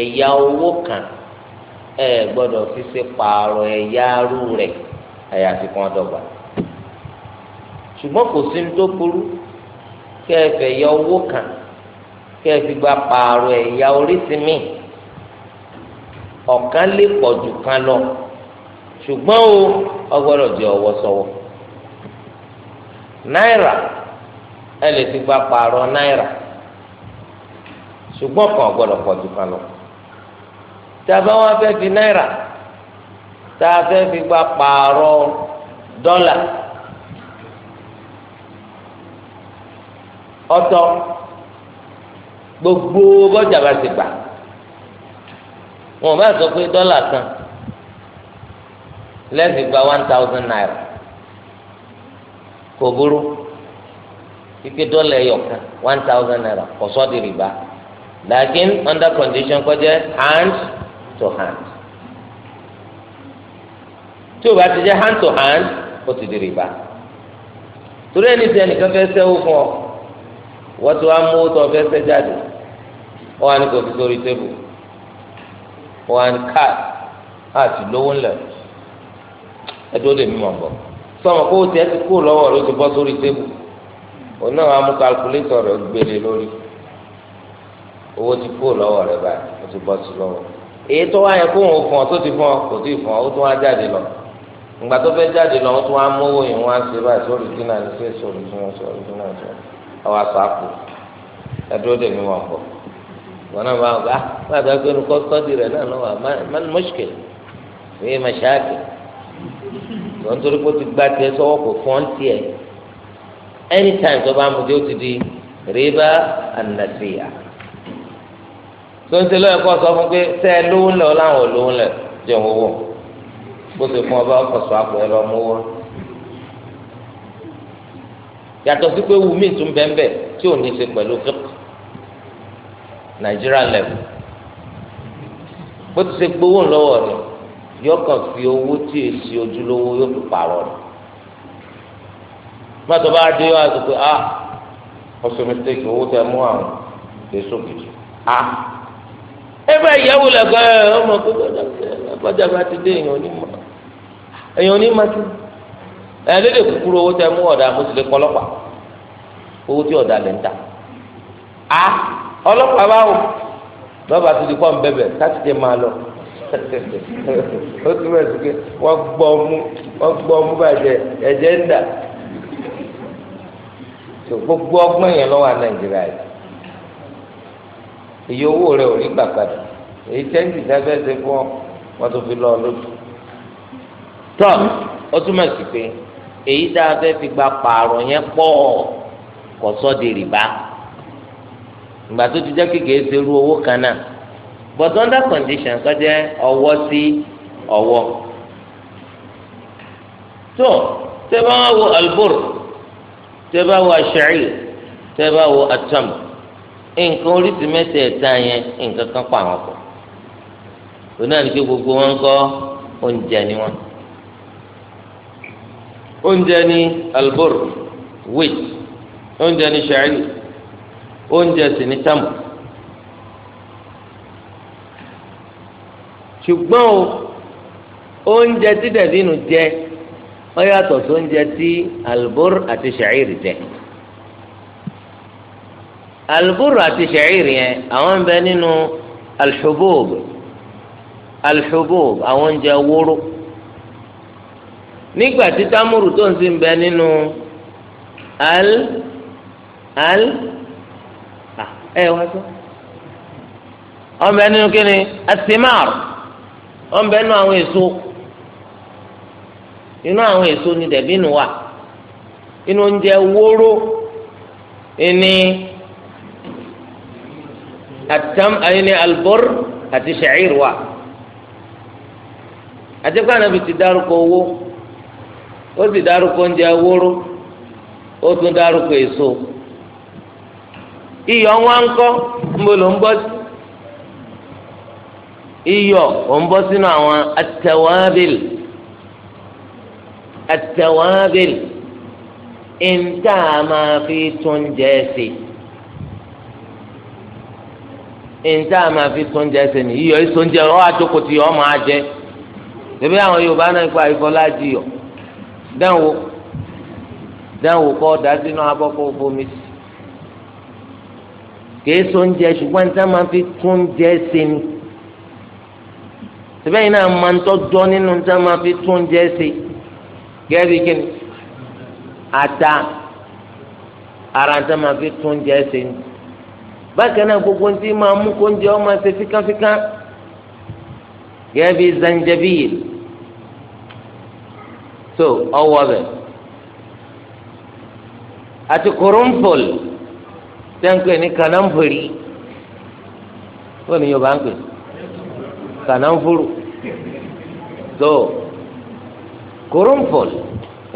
Speaker 1: ẹ̀yà owó kan ẹ gbọdọ fi se pààrọ̀ ẹ̀yà arú rẹ̀ àyàfi kan dọ́gba. E ṣùgbọ́n kò sí ní tó burú kẹ́ ẹ owó kan ka ẹ fi gba pààrọ̀ ẹ̀yà oríṣi ọ̀kan lè pọ̀ jù kan lọ ṣùgbọ́n o ọgbọ́dọ̀ di ọwọ́ sọwọ́ náírà ẹ lè gba pààrọ̀ náírà ṣùgbọ́n kan ọgbọ́dọ̀ pọ̀ jù kan lọ tá a bá fẹ́ fi náírà tá a fi gba pààrọ̀ dọ́là. ọ̀tọ̀ gbogbo bọjà bá ti gbà wọn bá sọ pé dọ́là kan lẹ́sìn gba one thousand naira kò burú ike dọ́là ẹ̀yọ̀ kan one thousand naira kò sọ́ di rìbá lakin under condition kó jẹ́ hand to hand tí o bá ti jẹ́ hand to hand ó ti di rìbá torí ẹni tí ẹnìkan fẹ́ sẹ́wó fún ọ wọ́n ti wá mú owó tó ọ̀fẹ́ fẹ́ jáde wọ́n wá ní kò fi sórí tébù wọ́n wá ní káàdì àti lówó ńlẹ̀ ẹjọ́ lè mímọ̀ bọ̀ sọmọ kó o tiẹ̀ ti kú lọ́wọ́ rẹ o ti bọ́ sórí tébù òun náà amú kalkulétọ̀ rẹ gbélé lórí owó ti kú lọ́wọ́ rẹ báyìí o ti bọ́ sí lọ́wọ́ èyí tó wáyé kó òun fún ọ tó ti fún ọ kò tí ì fún ọ ó tún wá jáde lọ ìgbà tó fẹ́ jáde lọ ó tún wá mówó yìí wọ́n á báyìí sórí tí náà ṣe sórí tí náà sórí tí náà ṣe ọwọ́ àpapọ̀ ẹdúró dèmí wọn bọ̀ wọn náà máa gbà wọn àti akpẹ́nu kọ́sítọ́dì rẹ̀ náà lọ́wọ́ man mushkil wíyé mashakil wọn torí kó ti gba tiẹ̀ sọ́wọ́ kò fọ́n tiẹ̀ anytime tó bá mu dé ó ti di rìbá ànàsíyà tó ń tẹlẹ ẹkọ sọ fún pé tẹ ẹ lówó ńlẹ ọ láwọn ò lówó ńlẹ jẹun bó ti fún ọba ọkọ sọ àpò ẹ lọ mú owó yàtọ̀ sí pé wùmí tún bẹ́ńbẹ́ tí ò ní ṣe pẹ̀lú fíkù nàìjíríà lẹ́wọ̀ bó ti ṣe gbowó lọ́wọ́ rẹ̀ yóò kàn fi owó tí èsì ojúlówó yóò fi pààrọ̀ rẹ̀ mọ́tò bá dé wá sọ pé ah ọ̀sẹ̀ mistake owó tẹ mú àwọn èso gidi ah ebe ìyàwó lẹ́kọ̀ọ́ ọmọ pé gbọ́dọ̀ gbọ́dọ̀ bá ti dé èèyàn onímọ̀ èèyàn onímọ̀ kí ni. ẹ lédè kúkúrú owó tẹ mú ọ̀dà mùsùlùmí kọlọ́pàá owó tí ọ̀dà ń a ọlọ́pàá báwo lọ́ba tó di kọ́ ń bẹ̀bẹ̀ tẹ máa lọ ó túbọ̀ sí pé wọ́n gbọ́ wọ́n gbọ́ bàjẹ́ ẹ̀jẹ̀ ń dà gbogbo ọgbọ́n yẹn lọ́wọ́ nàìjíríà yìí iye owó rẹ ò ní gbà padà èyí tẹ́ǹtì sábẹ́ ṣe fún ọ wọ́n fi lọ lójú tọ́ túmọ̀ sí èyí tá a fẹ́ fi gba pààrọ̀ yẹn pọ̀ kò sọ di rìbá ìgbà tó ti jẹ́ kékeré ṣe irú owó kan náà but under condition kọ́ jẹ́ ọwọ́ sí ọwọ́ tó tẹ́ bá wo albur tẹ́ bá wo aṣẹ́rì tẹ́ bá wo atam nǹkan oríṣi mẹ́tẹ̀ẹ̀ta yẹn nǹkan kan pa àwọn pọ̀ òun náà ní kí gbogbo wọn kọ́ oúnjẹ ni wọn oúnjẹ ní albur wheat oúnjẹ ní sha'ir oúnjẹ sì ní tamu ṣùgbọ́n o oúnjẹ tí dàbínù jẹ ó yàtọ̀ sí oúnjẹ tí albur àti sha'ir jẹ albur àti sha'ir yẹn àwọn bẹ nínú alḥubub alḥubub àwọn oúnjẹ wóró nígbà tí támúrù tó ń sin bẹ nínú al al ẹ wá sọ ọmọbẹ nínú kíni atimar ọmọbẹ nínú àwọn èso inú àwọn èso ni dẹbí nù wà inú oúnjẹ wóró ẹni atam ẹni eh, albor àti sha'ir wa àti kó ànábi ti dárúkọ owó ó sì dárúkọ oúnjẹ wóró ó tún dárúkọ èso iyọ̀ wọn ń kọ́ níbo ló ń bọ́ sí iyọ̀ ó ń bọ́ sínú àwọn atẹ̀wábìlì atẹ̀wábìlì ìntà máa fi tún jẹ́ sí ìntà máa fi tún jẹ́ sí ni iyọ̀ ìsọ̀njẹ́ ọ́ àjọkòtì ọ́ máa jẹ́ bẹ́ẹ̀ àwọn Yorùbá náà kó àyíkọ́ láti yọ̀. dánwò dánwò kọ́ da sínú abọ́ kó fomi oúnjẹ ṣùgbọ́n níta máa fi tún oúnjẹ ṣe ni síbẹ̀ yìí náà máa ń tọ́jọ́ fi tún oúnjẹ ṣe ata ara níta máa fi tún oúnjẹ ṣe ni bákan náà gbogbo ní ti máa mú kó oúnjẹ ọ ṣe fíkánfíkán so ọwọ́ bẹ̀ àti kurunfol tẹ́ǹpẹ̀ ní kanáfòrí fóònù yorùbá ń pè kanáfòrò so kurunfol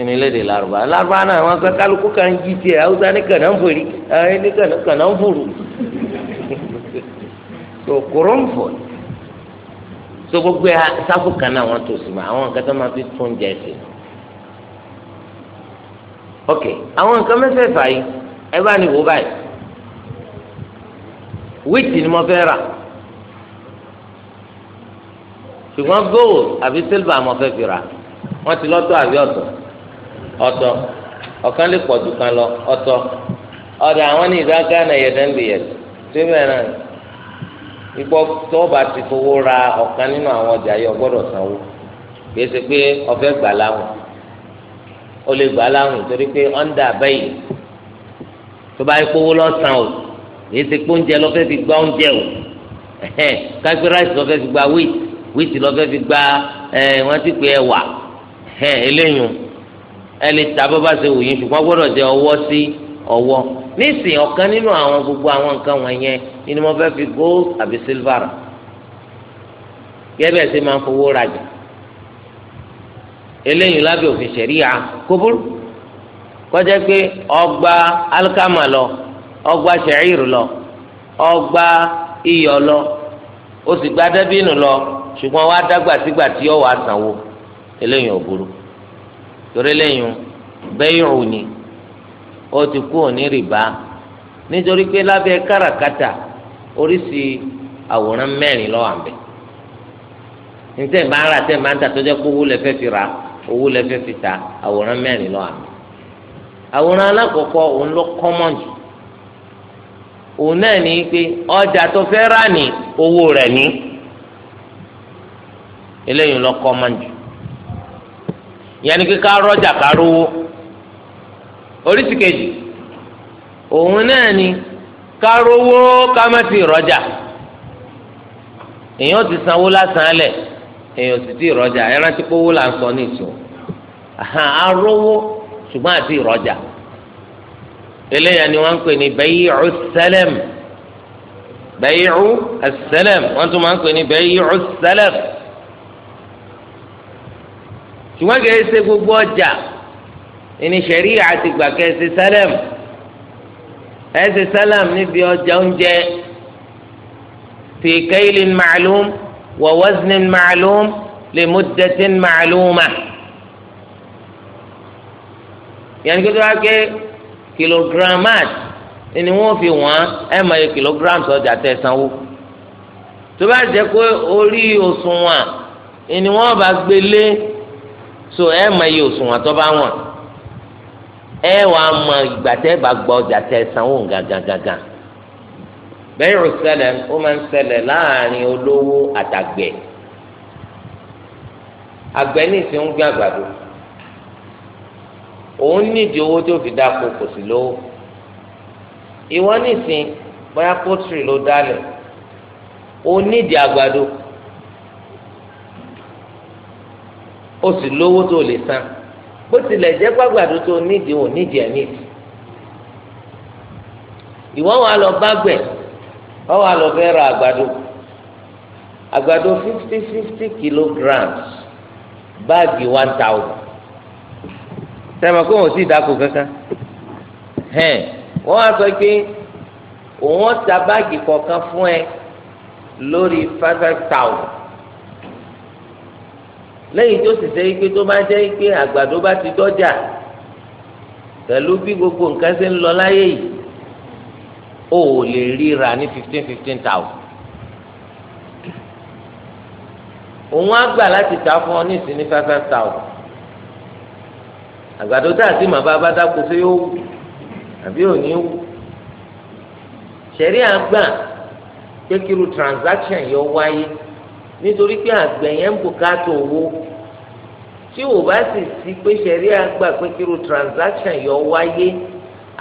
Speaker 1: ìnílédè larubá larubá náà wọn kọ kálukú kan jí tiẹ̀ haúsá ní kanáfòrí ẹ ní kanáfòrò so kurunfol so gbogbo ẹ sáfù kan náà wọn tó sì mọ àwọn nǹkan máa fi tún jẹ sí i ok àwọn nǹkan mẹ́fẹ̀ẹ̀fà yìí ẹ bá ní wò báyìí wíìtì ni mo fẹ́ rà ṣùgbọ́n gold àbí silver mo fẹ́ fi rà wọ́n ti lọ́tọ̀ àbí ọ̀tọ̀ ọ̀tọ̀ ọ̀kan lè pọ̀ jù kan lọ ọ̀tọ̀ ọ̀dọ̀ àwọn ní ìdá gánà yẹ̀dẹ̀ ń bì yẹ̀ tó bẹ̀rẹ̀ náà ìgbọ́ tó bá ti fowó ra ọ̀kan nínú àwọn ọjà yìí o gbọ́dọ̀ sanwó kì í ṣe pé o fẹ́ gbà láwọn o lè gbà láwùn torí pé ọ̀ndà bẹ́yì tó bá yẹ kówó lọ́sàn o èyí ti pé oúnjẹ lọ́fẹ́ fi gba oúnjẹ o kápẹ́ ráìsì lọ́fẹ́ fi gba wíìt wíìtì lọ́fẹ́ fi gba wọ́n ti pè ẹ̀wà eléyìí ẹ lè ta bọ́ bá ṣe wù yín ṣùgbọ́n gbọ́dọ̀ jẹ ọwọ́ sí ọwọ́ nísìnyí ọ̀kan nínú àwọn gbogbo àwọn nǹkan wọ̀nyẹn ni mo fẹ́ fi gold àbí silver gẹ́gẹ́ bẹ́ẹ̀ ṣe máa fowó rajà eléyìí lábẹ́ òfin ṣẹ̀ríà kúbúrú kọjá pé ọgbà alikama lọ ọgbà ṣẹ̀ríìr lọ ọgbà iyọ lọ ó sì lọ ṣùgbọ́n wàá dágbà sígbà tí yóò wá sanwó ò burú torí eléyìí bẹyìn òní ó ti kú òní rìbá nítorí pé oríṣi àwòrán ní tẹ̀ ń ń owó lẹ́fẹ́ fi ta àwòrán mẹ́rin lọ àmì àwòrán alákọ̀ọ́kọ́ òun ló kọ́mọ̀ jù òun náà ní pé ọjà tó fẹ́ rà ní owó rẹ̀ ní eléyìí ló kọ́mọ̀ jù ìyẹn ni kíkà rọ́jà kárówó oríṣi kejì òun náà ní kárówó kámẹ́tì rọ́jà èèyàn ti sanwó lásán lẹ̀ èèyàn sì ti ìrọjà ẹ rántí pówó là ń sọ ní ìsìn arówó ṣùgbọ́n àti ìrọjà eléyàn ni wọ́n ń pè ní bẹ́yìí sẹ́lẹ̀m bẹ́yìí sẹ́lẹ̀m wọ́n tún máa ń pè ní bẹ́yìí sẹ́lẹ̀m ṣùgbọ́n kì í ṣe gbogbo ọjà ìní ṣẹ̀rí àti gbàkẹ́ ṣe sẹ́lẹ̀m ẹ ṣe sẹ́lẹ̀m níbi ọjà oúnjẹ tìkẹ́yìlì màlúù. ووزن معلوم لمدة معلومة يعني كده راكي كيلوغرامات ni wọn fi wọn ẹ mọ iye kìlógíráàmù sọjà tẹ sanwó tó bá jẹ pé orí òṣùwọ̀n ni wọn bá gbélé so ẹ mọ iye òṣùwọ̀n tó bá wọn ẹ wàá mọ ìgbà tẹ bá gbọ ọjà tẹ sanwó gangan gangan bẹ́ẹ̀ ò ṣẹlẹ̀ ó máa ń ṣẹlẹ̀ láàrin olówó àtàgbẹ̀ àgbẹ̀ ní ìsìn ń gbé àgbàdo òun nídìí owó tó fi dáko kò sí lówó ìwọ ní ìsìn bóyá pọ́tìrì ló dálẹ̀ òun nídìí àgbàdo ó sì lówó tó lè san bó tilẹ̀ jẹ́ pàgbàdo tó nídìí òun nídìí ẹ̀ nídìí ìwọ wà lọ bá gbẹ̀ wọ́n wá lọ fẹ́ àgbàdo àgbàdo fifty fifty kilograms báàgì one thousand sẹ́mi kó wọ́n sì dáko kankan hẹ́n wọ́n wá sọ pé òun ta báàgì kọ̀ọ̀kan fún ẹ lórí five five thousand lẹ́yìn tó sì sẹ́ pé tó bá jẹ́ pé àgbàdo bá ti dọ́jà pẹ̀lú bí gbogbo nǹkan ṣe ń lọ láyé yìí o ò lè ríra ní fifteen fifteen thousand òun á gbà láti ta fún ọ ní ìsinmi five five thousand àgbàdo tá a sì mà bá bá dáko sí yóò wù àbí òní wù ṣẹ̀rí àgbà kékeré transaction yọ wáyé nítorí pé àgbẹ̀ yẹn ń bùkátà owó tí ò bá sì sí pé ṣẹ̀rí àgbà kékeré transaction yọ wáyé.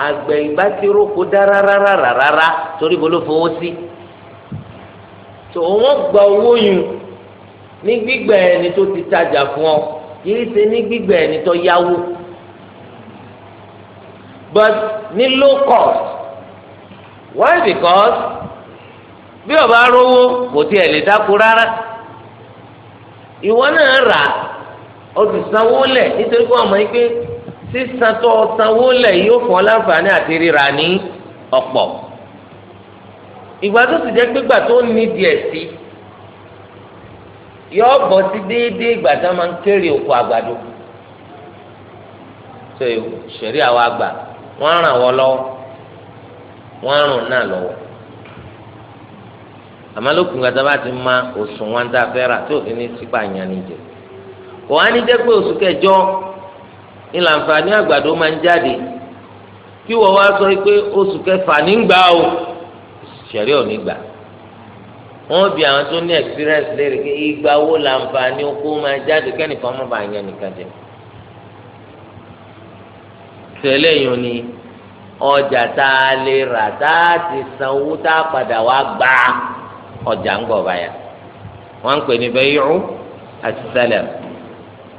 Speaker 1: àgbẹ̀ ìbá ti dá rárárárárá torí bó ló fowó sí tó wọ́n gba owó yun ní gbígbà ẹni tó ti tajà fún ọ kìí ṣe ní gbígbà ẹni tó yáwó but ní low cost why because bí o bá rówó kò ẹ lè dáko rárá ìwọ náà rà o ti sanwó lẹ̀ nítorí pé ọmọ yìí pé sísan tó sanwó lẹ̀ yóò fún ọ láǹfààní àti ríra ní ọ̀pọ̀ ìgbà tó sì jẹ́ pígbà tó ní díẹ̀ sí yóò bọ̀ sí déédéé ìgbà tó máa ń kéré oko àgbàdo tó ṣẹ̀rí àwọn àgbà wọ́n ràn wọ́n lọ́wọ́ wọ́n ràn náà lọ́wọ́ gbàtà bá ti ma òsùn wọn a fẹ́ rà tó fi ní sípà ìlà àǹfààní àgbàdo máa ń jáde kí wọ́n wá sọ pé oṣù kẹfà nígbà o ṣẹ̀rí ò ní gbà wọ́n bí àwọn tó ní experience léèrè pé ìgbà wo làǹfààní oko máa jáde kẹ́nìkan má bàa yẹn nìkan jẹ tẹ̀lé yìí ni ọjà tá a lè rà tá a ti san owó tá a padà wá gbà ọjà ń gbọ̀ báyà wọ́n ń pè ní bẹ́ẹ̀ yìí rú àti sẹ́lẹ̀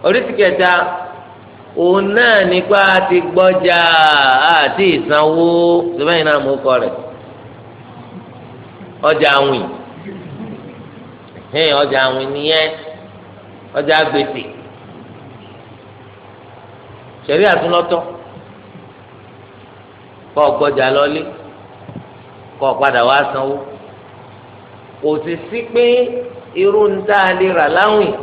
Speaker 1: orí ti kẹta. òun náà pa ti gbọ́jà àti ìsanwó náà mú rẹ̀ ọjà àwìn ọjà àwìn nìyẹn ọjà gbèsè sẹ̀rí àtúnlọ́tọ́ kọ́ gbọ́jà lọ́lé sanwó kò sì sí pé irú ń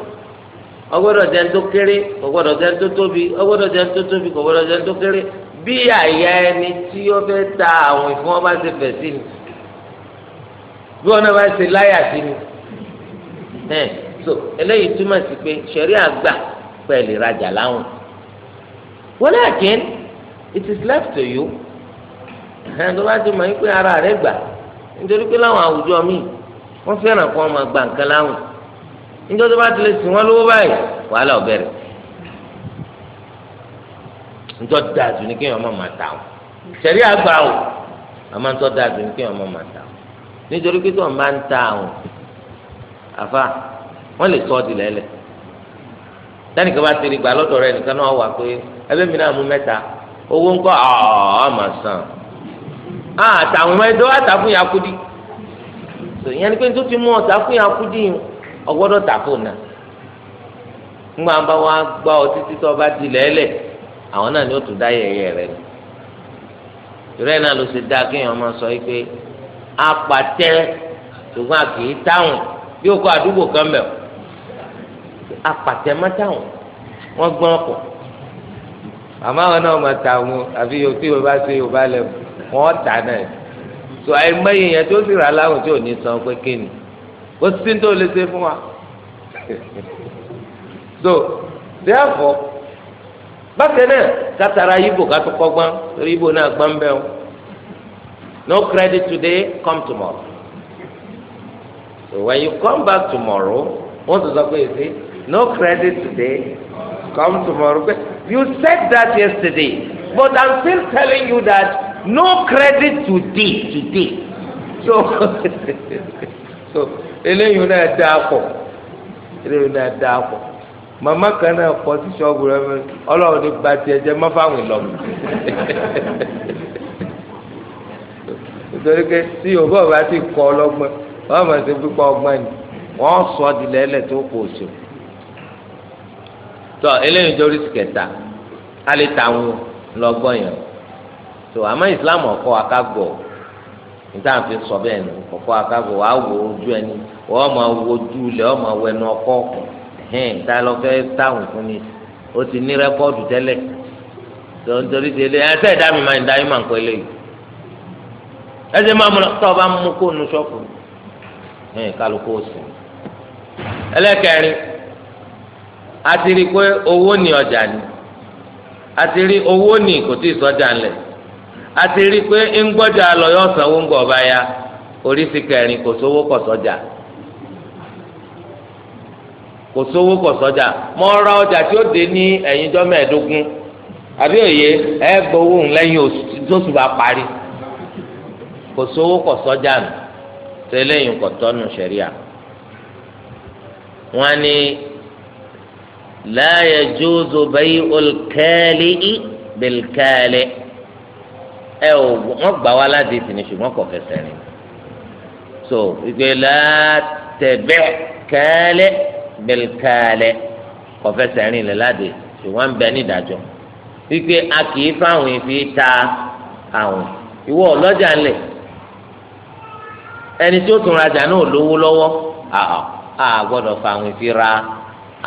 Speaker 1: ọgbọ́dọ̀ jẹ́ tó kéré ọgbọ́dọ̀ jẹ́ tó tóbi ọgbọ́dọ̀ jẹ́ tó tóbi ọgbọ́dọ̀ jẹ́ tó kéré bí àyà ẹni tí ó fẹ́ ta àwọn ìfún ọba ṣe fẹ̀ sí ni bí wọn náà bá ṣe láyà sí ni ẹ so eléyìí túmọ̀ sí pé ṣẹ̀rí àgbà pẹ̀lú ìrajà láwọn wọlé àkín it is left to you ẹ̀hìn tó bá ti mọ̀ yín pé ara rẹ̀ gbà nítorí pé láwọn àwùjọ míì wọ́n fẹ́ràn kó wọ́n máa gbà nǹkan láwọn níjọ́ tó bá ti lè sìn wọ́n lówó báyìí wàhálà ọ̀bẹ̀rẹ̀ níjọ́ dáa jù ní kéèyàn máa máa tà ó sẹ̀rí àgbà ó àmọ́ níjọ́ dáa jù ní kéèyàn máa máa tà ó nítorí pé tó ń bá ń tà ó àfa wọ́n lè sọ ọ́ di lẹ́lẹ̀ tẹ́nìkan bá ti rí gbà lọ́dọ̀ rẹ̀ nìkan náà wà pé ẹbí mi náà mú mẹ́ta owó ńkọ́ ọ̀ọ́ mà sàn àtàwọn ẹ̀dọ́ àtàkùn yà kú dì ìyẹn ni pé tó mú ọ̀tàkùn yà yìí ọgbọ́dọ̀ tako náà ńgbà bá wọn gbá ọ títí tó bá di lẹ́lẹ̀ àwọn náà ni ó tún dá yẹyẹ rẹ nù ìrẹ́ náà ló ṣe dá kéèyàn máa sọ pé apàtẹ ṣùgbọ́n a kì í táwọn bí o kọ àdúgbò kan mẹ́ o apàtẹ má táwọn wọ́n gbọ́n pọ̀ àmọ́ àwọn náà máa ta àfi tí o bá ṣe o bá wọ́n tà náà so àìmọye yẹn tó sì rà láwọn tí ò ní san pé kéènì ó sì ń tó lè ṣe fún wa so therefore bákan náà kátàrà ibo ká tó kọ́gbọ́n torí ibo náà gbọ́n bẹ́ẹ̀ o no credit today come tomorrow so when you come back tomorrow wọ́n ti sọ pé èsì no credit today come tomorrow you said that yesterday but I'm still telling you that no credit today today so so eléyìí náà dáa pọ̀ eléyìí náà dáa pọ̀ màmá kan náà kọ sí ṣọ́ọ̀bù rẹ ọlọ́run ní gba tiẹ̀ jẹ́ má fáwọn ìlọ́mù nítorí pé tí yorùbá ọba ti kọ ọlọ́gbọ́n wọ́n mọ̀ sí pípa ọgbọ́n ni wọ́n sọ di lẹ́lẹ̀ tó kù òṣù tọ eléyìí jọ oríṣi kẹta a lè ta àwọn lọ́gbọ́n yẹn tó àmọ́ ìsìlámù ọ̀kọ́ akágbọ̀ níta fi sọ bẹ́ẹ̀ ni ọ̀kọ́ akágbọ̀ wàá wo ojú ẹni wọ́n máa wojú lẹ̀ wọ́n máa wẹnu ọkọ́ hẹ́n tá lọ fẹ́ táwọn fún mi ó ti ní rẹ́kọ́ọ̀dù tẹ́lẹ̀ tó ń torí délé ẹ sẹ́ mi máa ń da yín máa ń pẹ́ lé yìí ẹ máa mú lọ tó o bá mú kó nu ṣọ́ọ̀fù hẹ́n kálukú òsì ẹlẹ́kẹ̀rin rí i pé owó ni ọjà ni rí owó ni kò tí ì sọ́jà ńlẹ̀ rí i pé ń gbọ́jà lọ yọ kò sówó kò sọ́jà mọ ra ọjà tí ó dé ní ẹ̀yìn ọjọ́ mẹ́ẹ̀ẹ́dógún àbí òye ẹ gbowó lẹ́yìn oṣù bá parí kò sówó kò sọ́jà nù tẹ́lẹ̀yìn kò tọ́nu ṣẹ̀ríà wọ́n ní la yajuzu bay'ul kali'i bil kali' ẹ ò wọ́n gbà wá láti ìsìn ṣùgbọ́n kò fẹsẹ̀ rìn so ìgbé la tabi' kali'. mẹlẹkaalẹ kọfẹsẹ rìn lẹ láde ṣùgbọ́n a kii fáwọn ìfi ta àwọn ìwọ ọlọ́jà ńlẹ ẹni tí ó tún rajà náà lówó lọwọ a gbọdọ fáwọn ìfi ra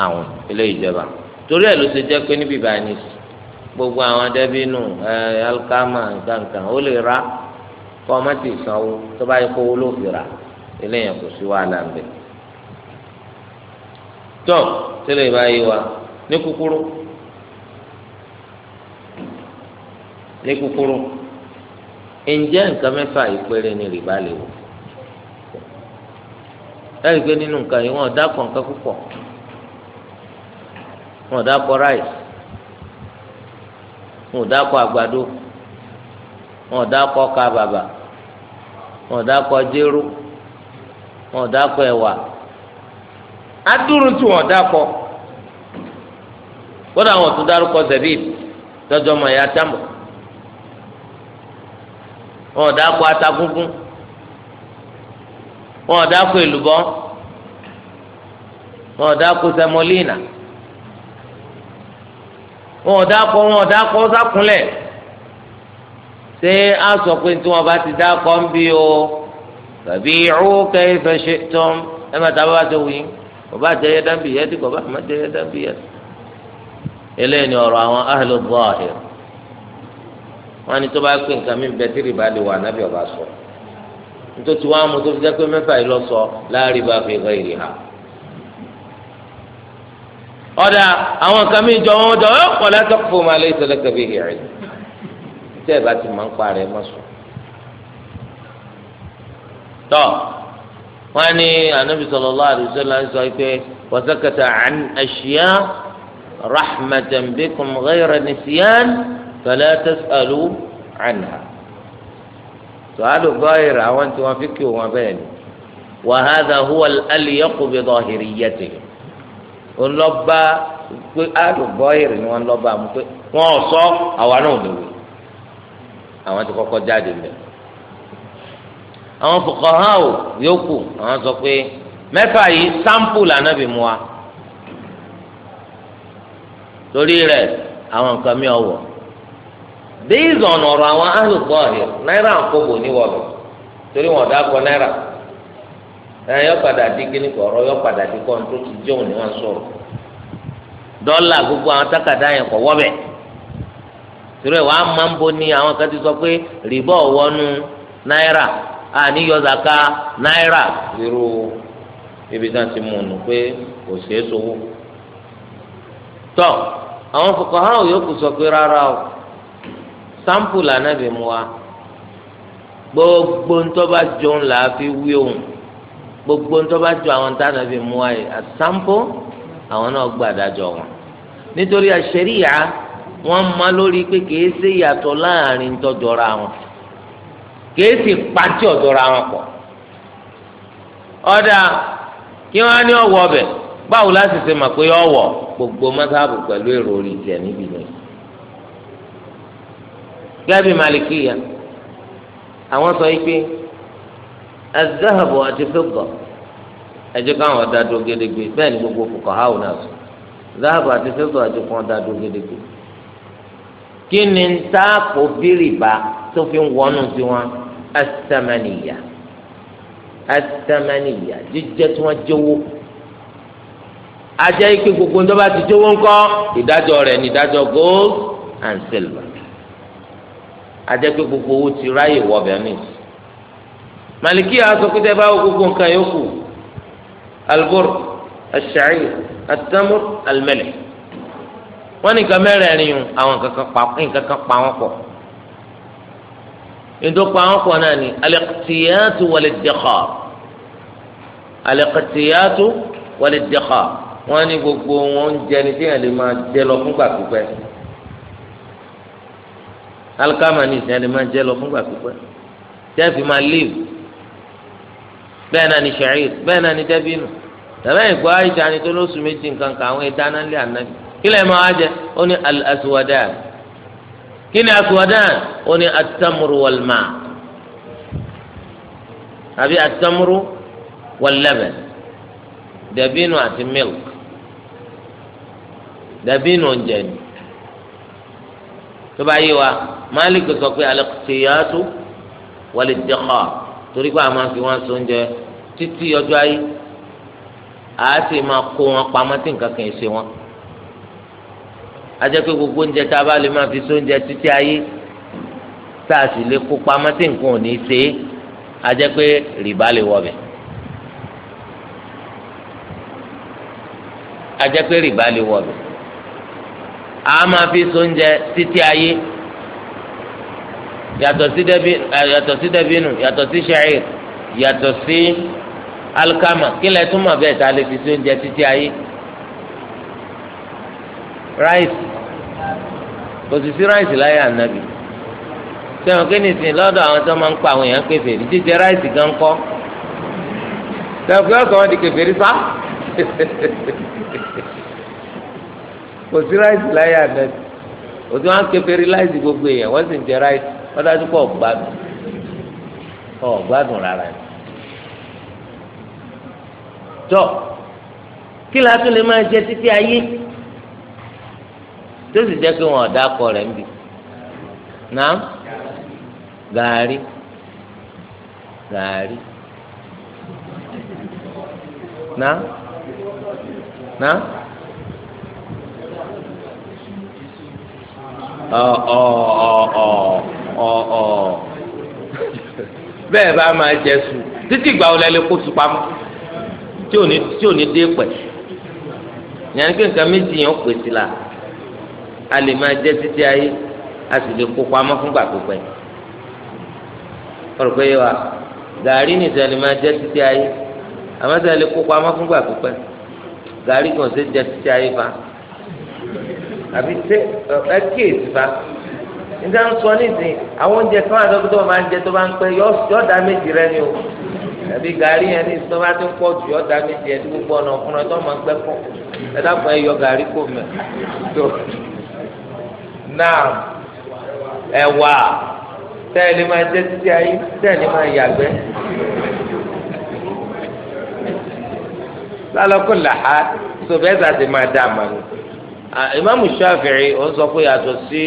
Speaker 1: àwọn ilé ìjọba torí ẹ̀ ló ṣe jẹ́ pé níbi ìbáni gbogbo àwọn dẹbínú ẹ alikama nǹkankan ó lè ra kọ́ ọmọ tó bá yẹ kó wó ló fi ra tọ́ tẹ́lẹ̀ ìbáyé wa ní kúkúrú ní kúkúrú ǹjẹ́ nǹkan mẹ́fà ìpẹ́rẹ́ ni rìbá lè wò nínú nǹkan yìí wọn dákọ̀ nǹkan púpọ̀ wọn dákọ̀ ráìsì wọn dákọ̀ àgbàdo dákọ̀ bàbà dákọ̀ jéró dákọ̀ ẹ̀wà. adúrú tí wọ́n dákọ̀ kódà àwọn tó dárúkọ zabib tọjọ́ mọ̀ ẹ̀yà tábọ̀ wọn ò dákọ̀ atagúngún wọn ò dákọ̀ èlùbọ́ wọn ò dákọ̀ sẹmọlínà wọn ò dákọ̀ wọn ò dákọ̀ sákúnlẹ̀ ṣé a sọ pé tí wọn bá ti dákọ̀ ń bí o tàbí ìrú kayfa shi'tum ẹ má ta bá bá tó wí kọba jẹyẹ dábì yẹ ti kọba àmọ́ jẹyẹ dábì yẹ eléyìí ni ọ̀rọ̀ àwọn ahlu zahir wọn ni tó bá pè nǹkan mi bẹ tí rìbá lè wà nábì ọba sọ nítorí wọn mú tó fi jẹ pé mẹ́fà yìí lọ sọ la riba fi ghayriha
Speaker 2: ọdà àwọn nǹkan mi jọ wọn jọ ọ kọ lẹsọ fún ma
Speaker 1: laysa laka bihi ilm tẹ ẹ bá ti máa ń parẹ mọ sùn tọ wọn ní anabi sallallahu alaihi wasallam sọ pé wasakata an ashiya rahmatan bikum ghayra nisyan fala tasalu anha sọ̀hálù gbọ́yìrì àwọn tí wọ́n fi kí wọn bẹ́ẹ̀ ni wa hadha huwa al-alyaqu bi zahiriyyatihi ń lọ bá pé àlùgbọ́yìrì ni wọ́n lọ bá mu pé wọ́n sọ àwa náà lè wí àwọn ti kọ́kọ́ jáde mẹ́rin. àwọn fuqaha ò yòókù àwọn sọ pé mẹ́fà yìí sáǹpù anabi mu wa torí rẹ̀ àwọn nǹkan mi ọ̀wọ̀ based on àwọn naira ọ̀hìn náírà àkóbò níwọ̀lù torí wọn ọ̀dà kọ náírà ẹ̀ yọ padà di kíní kọ̀ yọ padà di kọ́ ti ni wọ́n sọ̀rọ̀ dọ́là gbogbo àwọn yẹn kọ̀ wọ́bẹ̀ torí wàá máa ń bo ni àwọn kan a yọ naira náírà irú ibi tí wọ́n ti mú un pé kò ṣeé sowó tọ àwọn fuqaha yòókù sọ pé rárá o sampo lànàbì mu wa gbogbo ntọ́ba jọ ńlá fi wí òun gbogbo ntọ́ba jọ àwọn ntànàbì mu wa yìí àsampo àwọn náà gba àdájọ wọn nítorí àṣẹríyà wọn má lórí pé kìí ṣe láàrin kèésì pàtí ọ̀dọ́ra wọn pọ̀ ọ̀dà kí wọ́n á ní ọ̀wọ́ ọbẹ̀ báwo láti ṣe mà pé ọ̀wọ́ gbogbo mọ́sáàbù pẹ̀lú èrò orí ìjẹ́ níbi náà gẹ́bí malikiya àwọn sọ yìí pé azahabu àti fẹ́kọ̀ ẹ̀jẹ̀ káwọn ọ̀dà dùn gédégbé bẹ́ẹ̀ ni gbogbo fòkàn háwọn náà sọ zahabu àti fẹ́kọ̀ àti fún ọ̀dà dùn gédégbé kí ni ń ta kò bírìbà tó fi ń wọnú tiwọn asamaniya asamaniya jíjẹ tí wọn jówó ajá ike gbogbo ní ọba ti jówó ńkọ ìdájọ́ rẹ̀ ní ìdájọ́ gold and silver ajá ike gbogbo owó ti ráyè wọ benin maliki asokute bá wọ gbogbo nǹkan yòókù albur ashair atamur almele wọn ní nǹkan mẹ́rẹ̀ẹ̀rin àwọn nǹkan kan pa wọn pọ̀ ntọ́kọ àwọn kan náà ni alẹ́kìtìyàtú wọlé dẹ́kọ̀ alẹ́kìtìyàtú wọlé dẹ́kọ̀ wọ́n ní gbogbo wọn ń jẹni tí yẹn lè máa jẹ lọ fúngbà pípẹ́ alikama ní ìsìn yẹn lè máa jẹ lọ fúngbà pípẹ́ tẹ́ẹ̀fì máa léwu bẹ́ẹ̀ náà ni sha'ir bẹ́ẹ̀ náà ni dẹ́bìnú tàbí ìgbọ́ àyíṣà ni tó lóṣù méjì nǹkan kan àwọn ìdáná lé ànábì kílẹ̀ máa jẹ ó ní al kí ni aswadan ó ní atamuru walma àbí atamuru wallaban dàbínù àti milk dàbínù oúnjẹ ni tó bá yé wa máàlìkì sọ pé al-iqtiyatu wal-iddikhar torí pé fi wọn sóúnjẹ títí ọjọ́ ayé àá sì máa kó wọn pamọ́ tí kan ṣe wọn ajẹ́ pé gbogbo oúnjẹ tá a bá lè máa fi sóúnjẹ títí ayé tá a sì lè kó pamọ́ tí nǹkan ò ní í ṣe é ajẹ́ pé rìbá lè wọbẹ̀ ajẹ́ pé rìbá lè wọbẹ̀ a máa fi sóúnjẹ títí ayé yàtọ̀ sí dẹ́bínú yàtọ̀ sí ṣẹ́yìn yàtọ̀ sí alikama kí lẹ́tọ́ mọ̀ bẹ́ẹ̀ tá a lè fi sóúnjẹ títí ayé ráìsì kò sì sí ráìsì láyé ànábì sẹ́wọ̀n kí ni ìsìn lọ́dọ̀ àwọn tó máa ń pa àwọn èèyàn kèfèrí jíjẹ ráìsì gan kọ́ sẹ́wọ̀n kí wọ́n sọ wọ́n di kèfèrí sá kò sí ráìsì láyé ànábì òtún wọn kèfèrí ráìsì gbogbo èèyàn wọ́n sì ń jẹ ráìsì wọ́n dájú pọ̀ gbádùn ọ̀ gbádùn rárá ni tọ́ kí la tún lè máa jẹ títí ayé tó sì jẹ́ pé wọn ọ̀dà akọ rẹ̀ ń bì náà gàárì gàárì náà náà ọ ọ ọ ọ ọ bẹ́ẹ̀ bá máa jẹ sùn títí ìgbà wo la lè kó sùn pamọ́ tí ò ní tí ò ní dé pẹ̀ yẹn kí nǹkan méjì yẹn ó pèsè la a lè máa jẹ títí ayé a sì lè kó pamọ́ fúngbà pípẹ́ ọ̀rọ̀ pé yẹ wa gàrí nìta lè máa jẹ títí ayé àmọ́ tá a lè kó pamọ́ fúngbà pípẹ́ gàrí kan ṣe jẹ títí ayé fa àbí ṣe ẹ kéèsì fa níta ń sọ nísìnyí àwọn oúnjẹ kan àdókòtò máa ń jẹ tó bá ń pẹ́ yọ ọdà méjì rẹ ni o tàbí gàrí yẹn ní ìsọ bá ti ń pọ̀ jù ọ̀dà méjì ẹ̀ tí gbogbo ọ̀nà ọ̀fun ọ̀tọ̀ máa ń gbẹ́ pọ̀ ẹ̀dá kan ẹ̀ yọ gàrí kò mẹ́ tó náà ẹ̀wà tẹ́ẹ̀lì máa jẹ́ títí ayé tẹ́ẹ̀lì máa yàgbẹ́. lálọ́kù làhá sọ̀bẹ́sà ti máa dá àmà ni. ìmáàmù Shafi'i ó sọ pé yàtọ̀ sí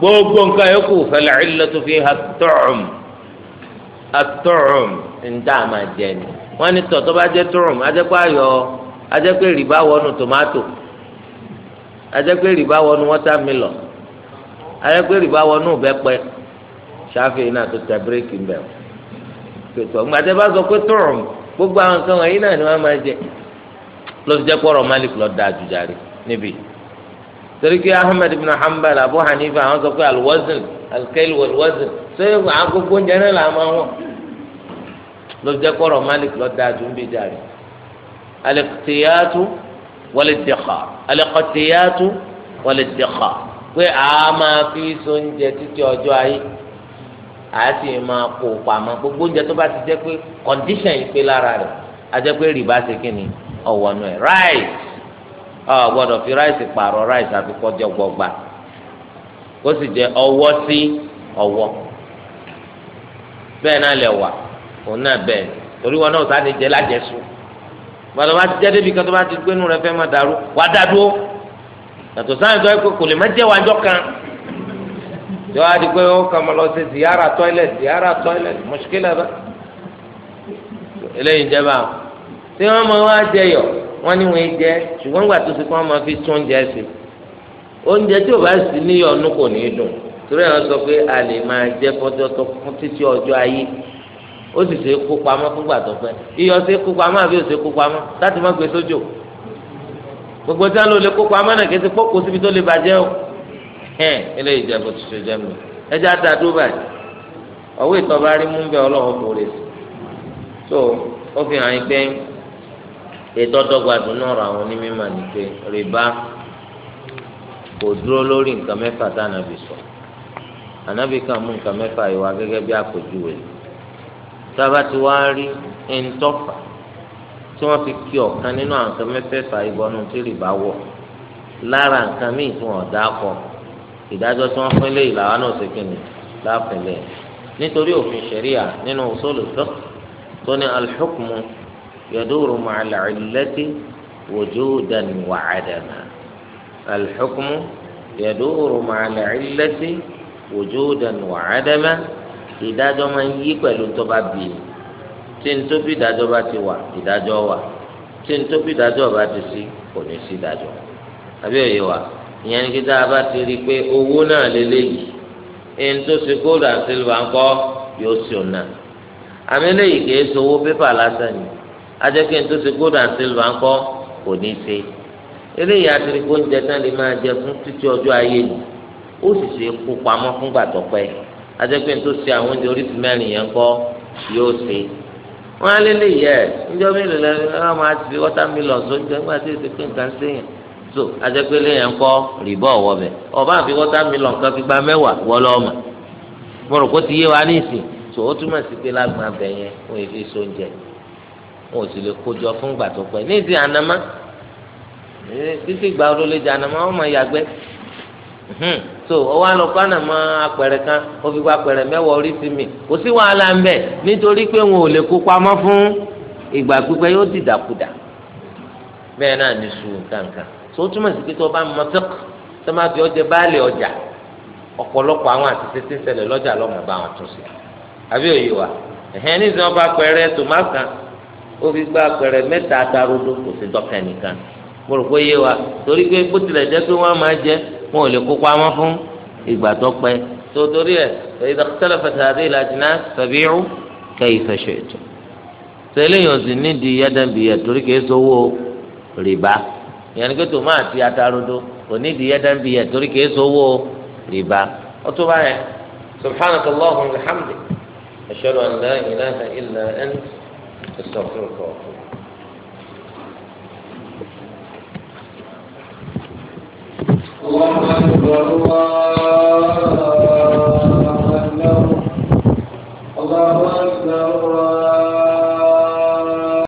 Speaker 1: gbogbo nǹkan yòókù fal-'illatu fiha at-tu'm at-tu'm ńdá àmà jẹ ni. wọ́n ní tọ̀ bá jẹ́ tu'm ajẹ́pẹ́ ayọ̀ ajẹ́pẹ́ rìbá wọnú ajẹ́pẹ́ rìbá wọnú wọ́tàmílọ̀ ajẹ́pẹ́ rìbá wọnú bẹ́pẹ́ ṣáfì náà tó tẹ bírèkì mbẹ́ o pẹ̀tọ́ gbàtẹ́ bá sọ pé tọ̀rọ̀ gbogbo àwọn nǹkan wọ̀nyí náà ni wọ́n máa jẹ ló fi jẹ́ pọ̀rọ̀ malik lọ da àjùjáre níbí torí ahmed bin hanbal abu hanifa àwọn sọ pé alwazin alkail walwazin ṣé àgógó oúnjẹ náà là máa wọ̀ ló fi jẹ́ pọ̀rọ̀ malik lọ da àjùjáre alẹ́kùtìyàtú wal-iddikhaar al-qatiyaatu wal-iddikhaar pé a máa fi sóúnjẹ títí ọjọ́ ayé a sì máa kó pamọ́ gbogbo oúnjẹ tó bá ti jẹ́ pé kọ́ndíṣàn yìí pé lára rẹ̀ a jẹ́ pé rìbá ṣe kí ni ọ̀wọ́nù ẹ̀ ráìsì ọ̀ gbọ́dọ̀ fi ráìsì pààrọ̀ ráìsì àfikọ́jọ́ gbọgba kó sì jẹ́ ọwọ́ sí ọwọ́ bẹ́ẹ̀ náà lẹ̀ òun náà bẹ́ẹ̀ torí wọn náà sáà ní jẹ́ lájẹsùn gbàtọ́ bá ti jẹ́ débi kan tó bá ti gbé nu rẹ fẹ́ máa dàrú wà á dá dúró yàtọ̀ sáyẹn tó yẹ kó kò lè má jẹ́ wà jọ kan yọ adi pé ó kàn máa lọ sí ziyara toilet ziyara toilet mọ̀ṣíkìlà bá eléyìí jẹ́ bá tí wọ́n máa wá jẹ yọ wọ́n ní wọ́n jẹ ṣùgbọ́n gbà tó ti kọ́ máa fi tún oúnjẹ sí oúnjẹ tí ò bá sí níyọ̀ ọ̀nù kò ní í dùn torí àwọn sọ pé a lè máa jẹ fọ́jọ́ tó fún títí ọjọ́ ayé ó sì ṣe kó pamọ́ fúngbà tó pẹ́ iyọ̀ ṣe kó pamọ́ àbí ò ṣe kó pamọ́ láti má gbé sójò gbogbo tí wọn lò lè kó pamọ́ náà kéde kó síbi tó lè bàjẹ́ o ẹn bó ada ọwọ́ ìtọ́ba rí mú bẹ́ lè so ó fi hàn yín pé ètò ọdọ́gba dùnú ọ̀rọ̀ àwọn onímọ̀ ni pé rìbá kò dúró lórí nǹkan mẹ́fà tá ànábì sábà tí wàá rí ẹnitọ́fà tí wọ́n fi kí ọ̀kan nínú àwọn nǹkan mẹ́fẹ̀ẹ̀fà ìbọnú tí rìbá wọ̀ lára nǹkan míì tí wọ́n dá kọ ìdájọ́ tí wọ́n pínlẹ̀ ìlàwọ́ náà ṣe kìnnì láàpínlẹ̀ nítorí òfin ṣẹ̀ríà nínú usulu fiqh tó ní al-hukmu yaduru ma'al 'illati wujudan wa 'adama al-hukmu yaduru ma'al 'illati wujudan wa 'adama ìdájọ́ máa ń yí pẹ̀lú tó bá bì í tí n tó bí ìdájọ́ bá ti wà ìdájọ́ wà tí n tó bí ìdájọ́ bá ti sí kò ní sí ìdájọ́ àbí òye wa ìyẹn ní kí tá a bá ti rí i pé owó náà lélẹ́yìí ẹni tó ṣe gold and silver ń kọ́ yóò ṣe ọ̀nà àmì lẹ́yìn kì í sowó pépà lásán ni ajẹ́kẹ́ ẹni tó ṣe gold and silver ń kọ́ kò ní ṣe eléyìí àtìrí kó ń jẹ tán lè máa jẹ fún títí ọjọ́ ayé ni ó sì ṣe kó pamọ́ fúngbà tó yìí adẹ́pẹ́ tó ṣe àwọn oúnjẹ oríṣi mẹ́rin yẹn kọ́ yóò ṣe wọ́n á lé lè yẹ ǹjọ́ mélòó lẹ́nu wọ́n máa ti watermelon sóúnjẹ nígbà tí èsì pé nǹkan séyìn so adẹ́pẹ́ lẹ́yìn kọ́ rìbọ̀ ọ̀wọ́ bẹ̀ ọba àfi watermelon kan fi gba mẹ́wàá wọ́lọ́ọ̀mà mo rò kó ti yé wa ní ìsìn so ó túmọ̀ sí pé lágbọn abẹ yẹn wọn ò fi sóúnjẹ wọn ò sì lè kójọ fún ìgbà tó ní ìsìn ànàmá títí ìgbà olólè ànàmá wọn mọ ìyàgbẹ́ Hmm. so ọwọ́ àlọ́kọ́ àná mọ apẹ̀rẹ̀ kan ó fi pa apẹ̀rẹ̀ mẹ́wàá orí sí mi kò sí wàhálà ń bẹ̀ nítorí pé wọn ò lè kó pamọ́ fún ìgbà pípẹ́ yóò dìdàkudà bẹ́ẹ̀ náà ní so ó túmọ̀ sí pé bá mọ tó má fi ọjẹ báàlì ọjà ọ̀pọ̀lọpọ̀ àwọn àtẹ̀tẹ̀ tí ń ṣẹlẹ̀ lọ́jà lọ́mọ bá wọn tún sí àbí òye wa ẹ̀hẹ́n bá mo rò pé yé wa torí pé bó tilẹ̀ jẹ́ pé wọ́n máa jẹ wọn ò lè kó pamọ́ fún ìgbà tó pẹ́ tó torí ẹ̀ idha ikhtalafat hadhihi al-ajnas fabi'u kayfa shi'tum tẹ́lẹ̀ so nídìí yadan torí kìí rìbá atarodo kò nídìí yadan torí kìí sowó rìbá ó tó báyẹn wa wa الله أكبر الله أكبر الله أكبر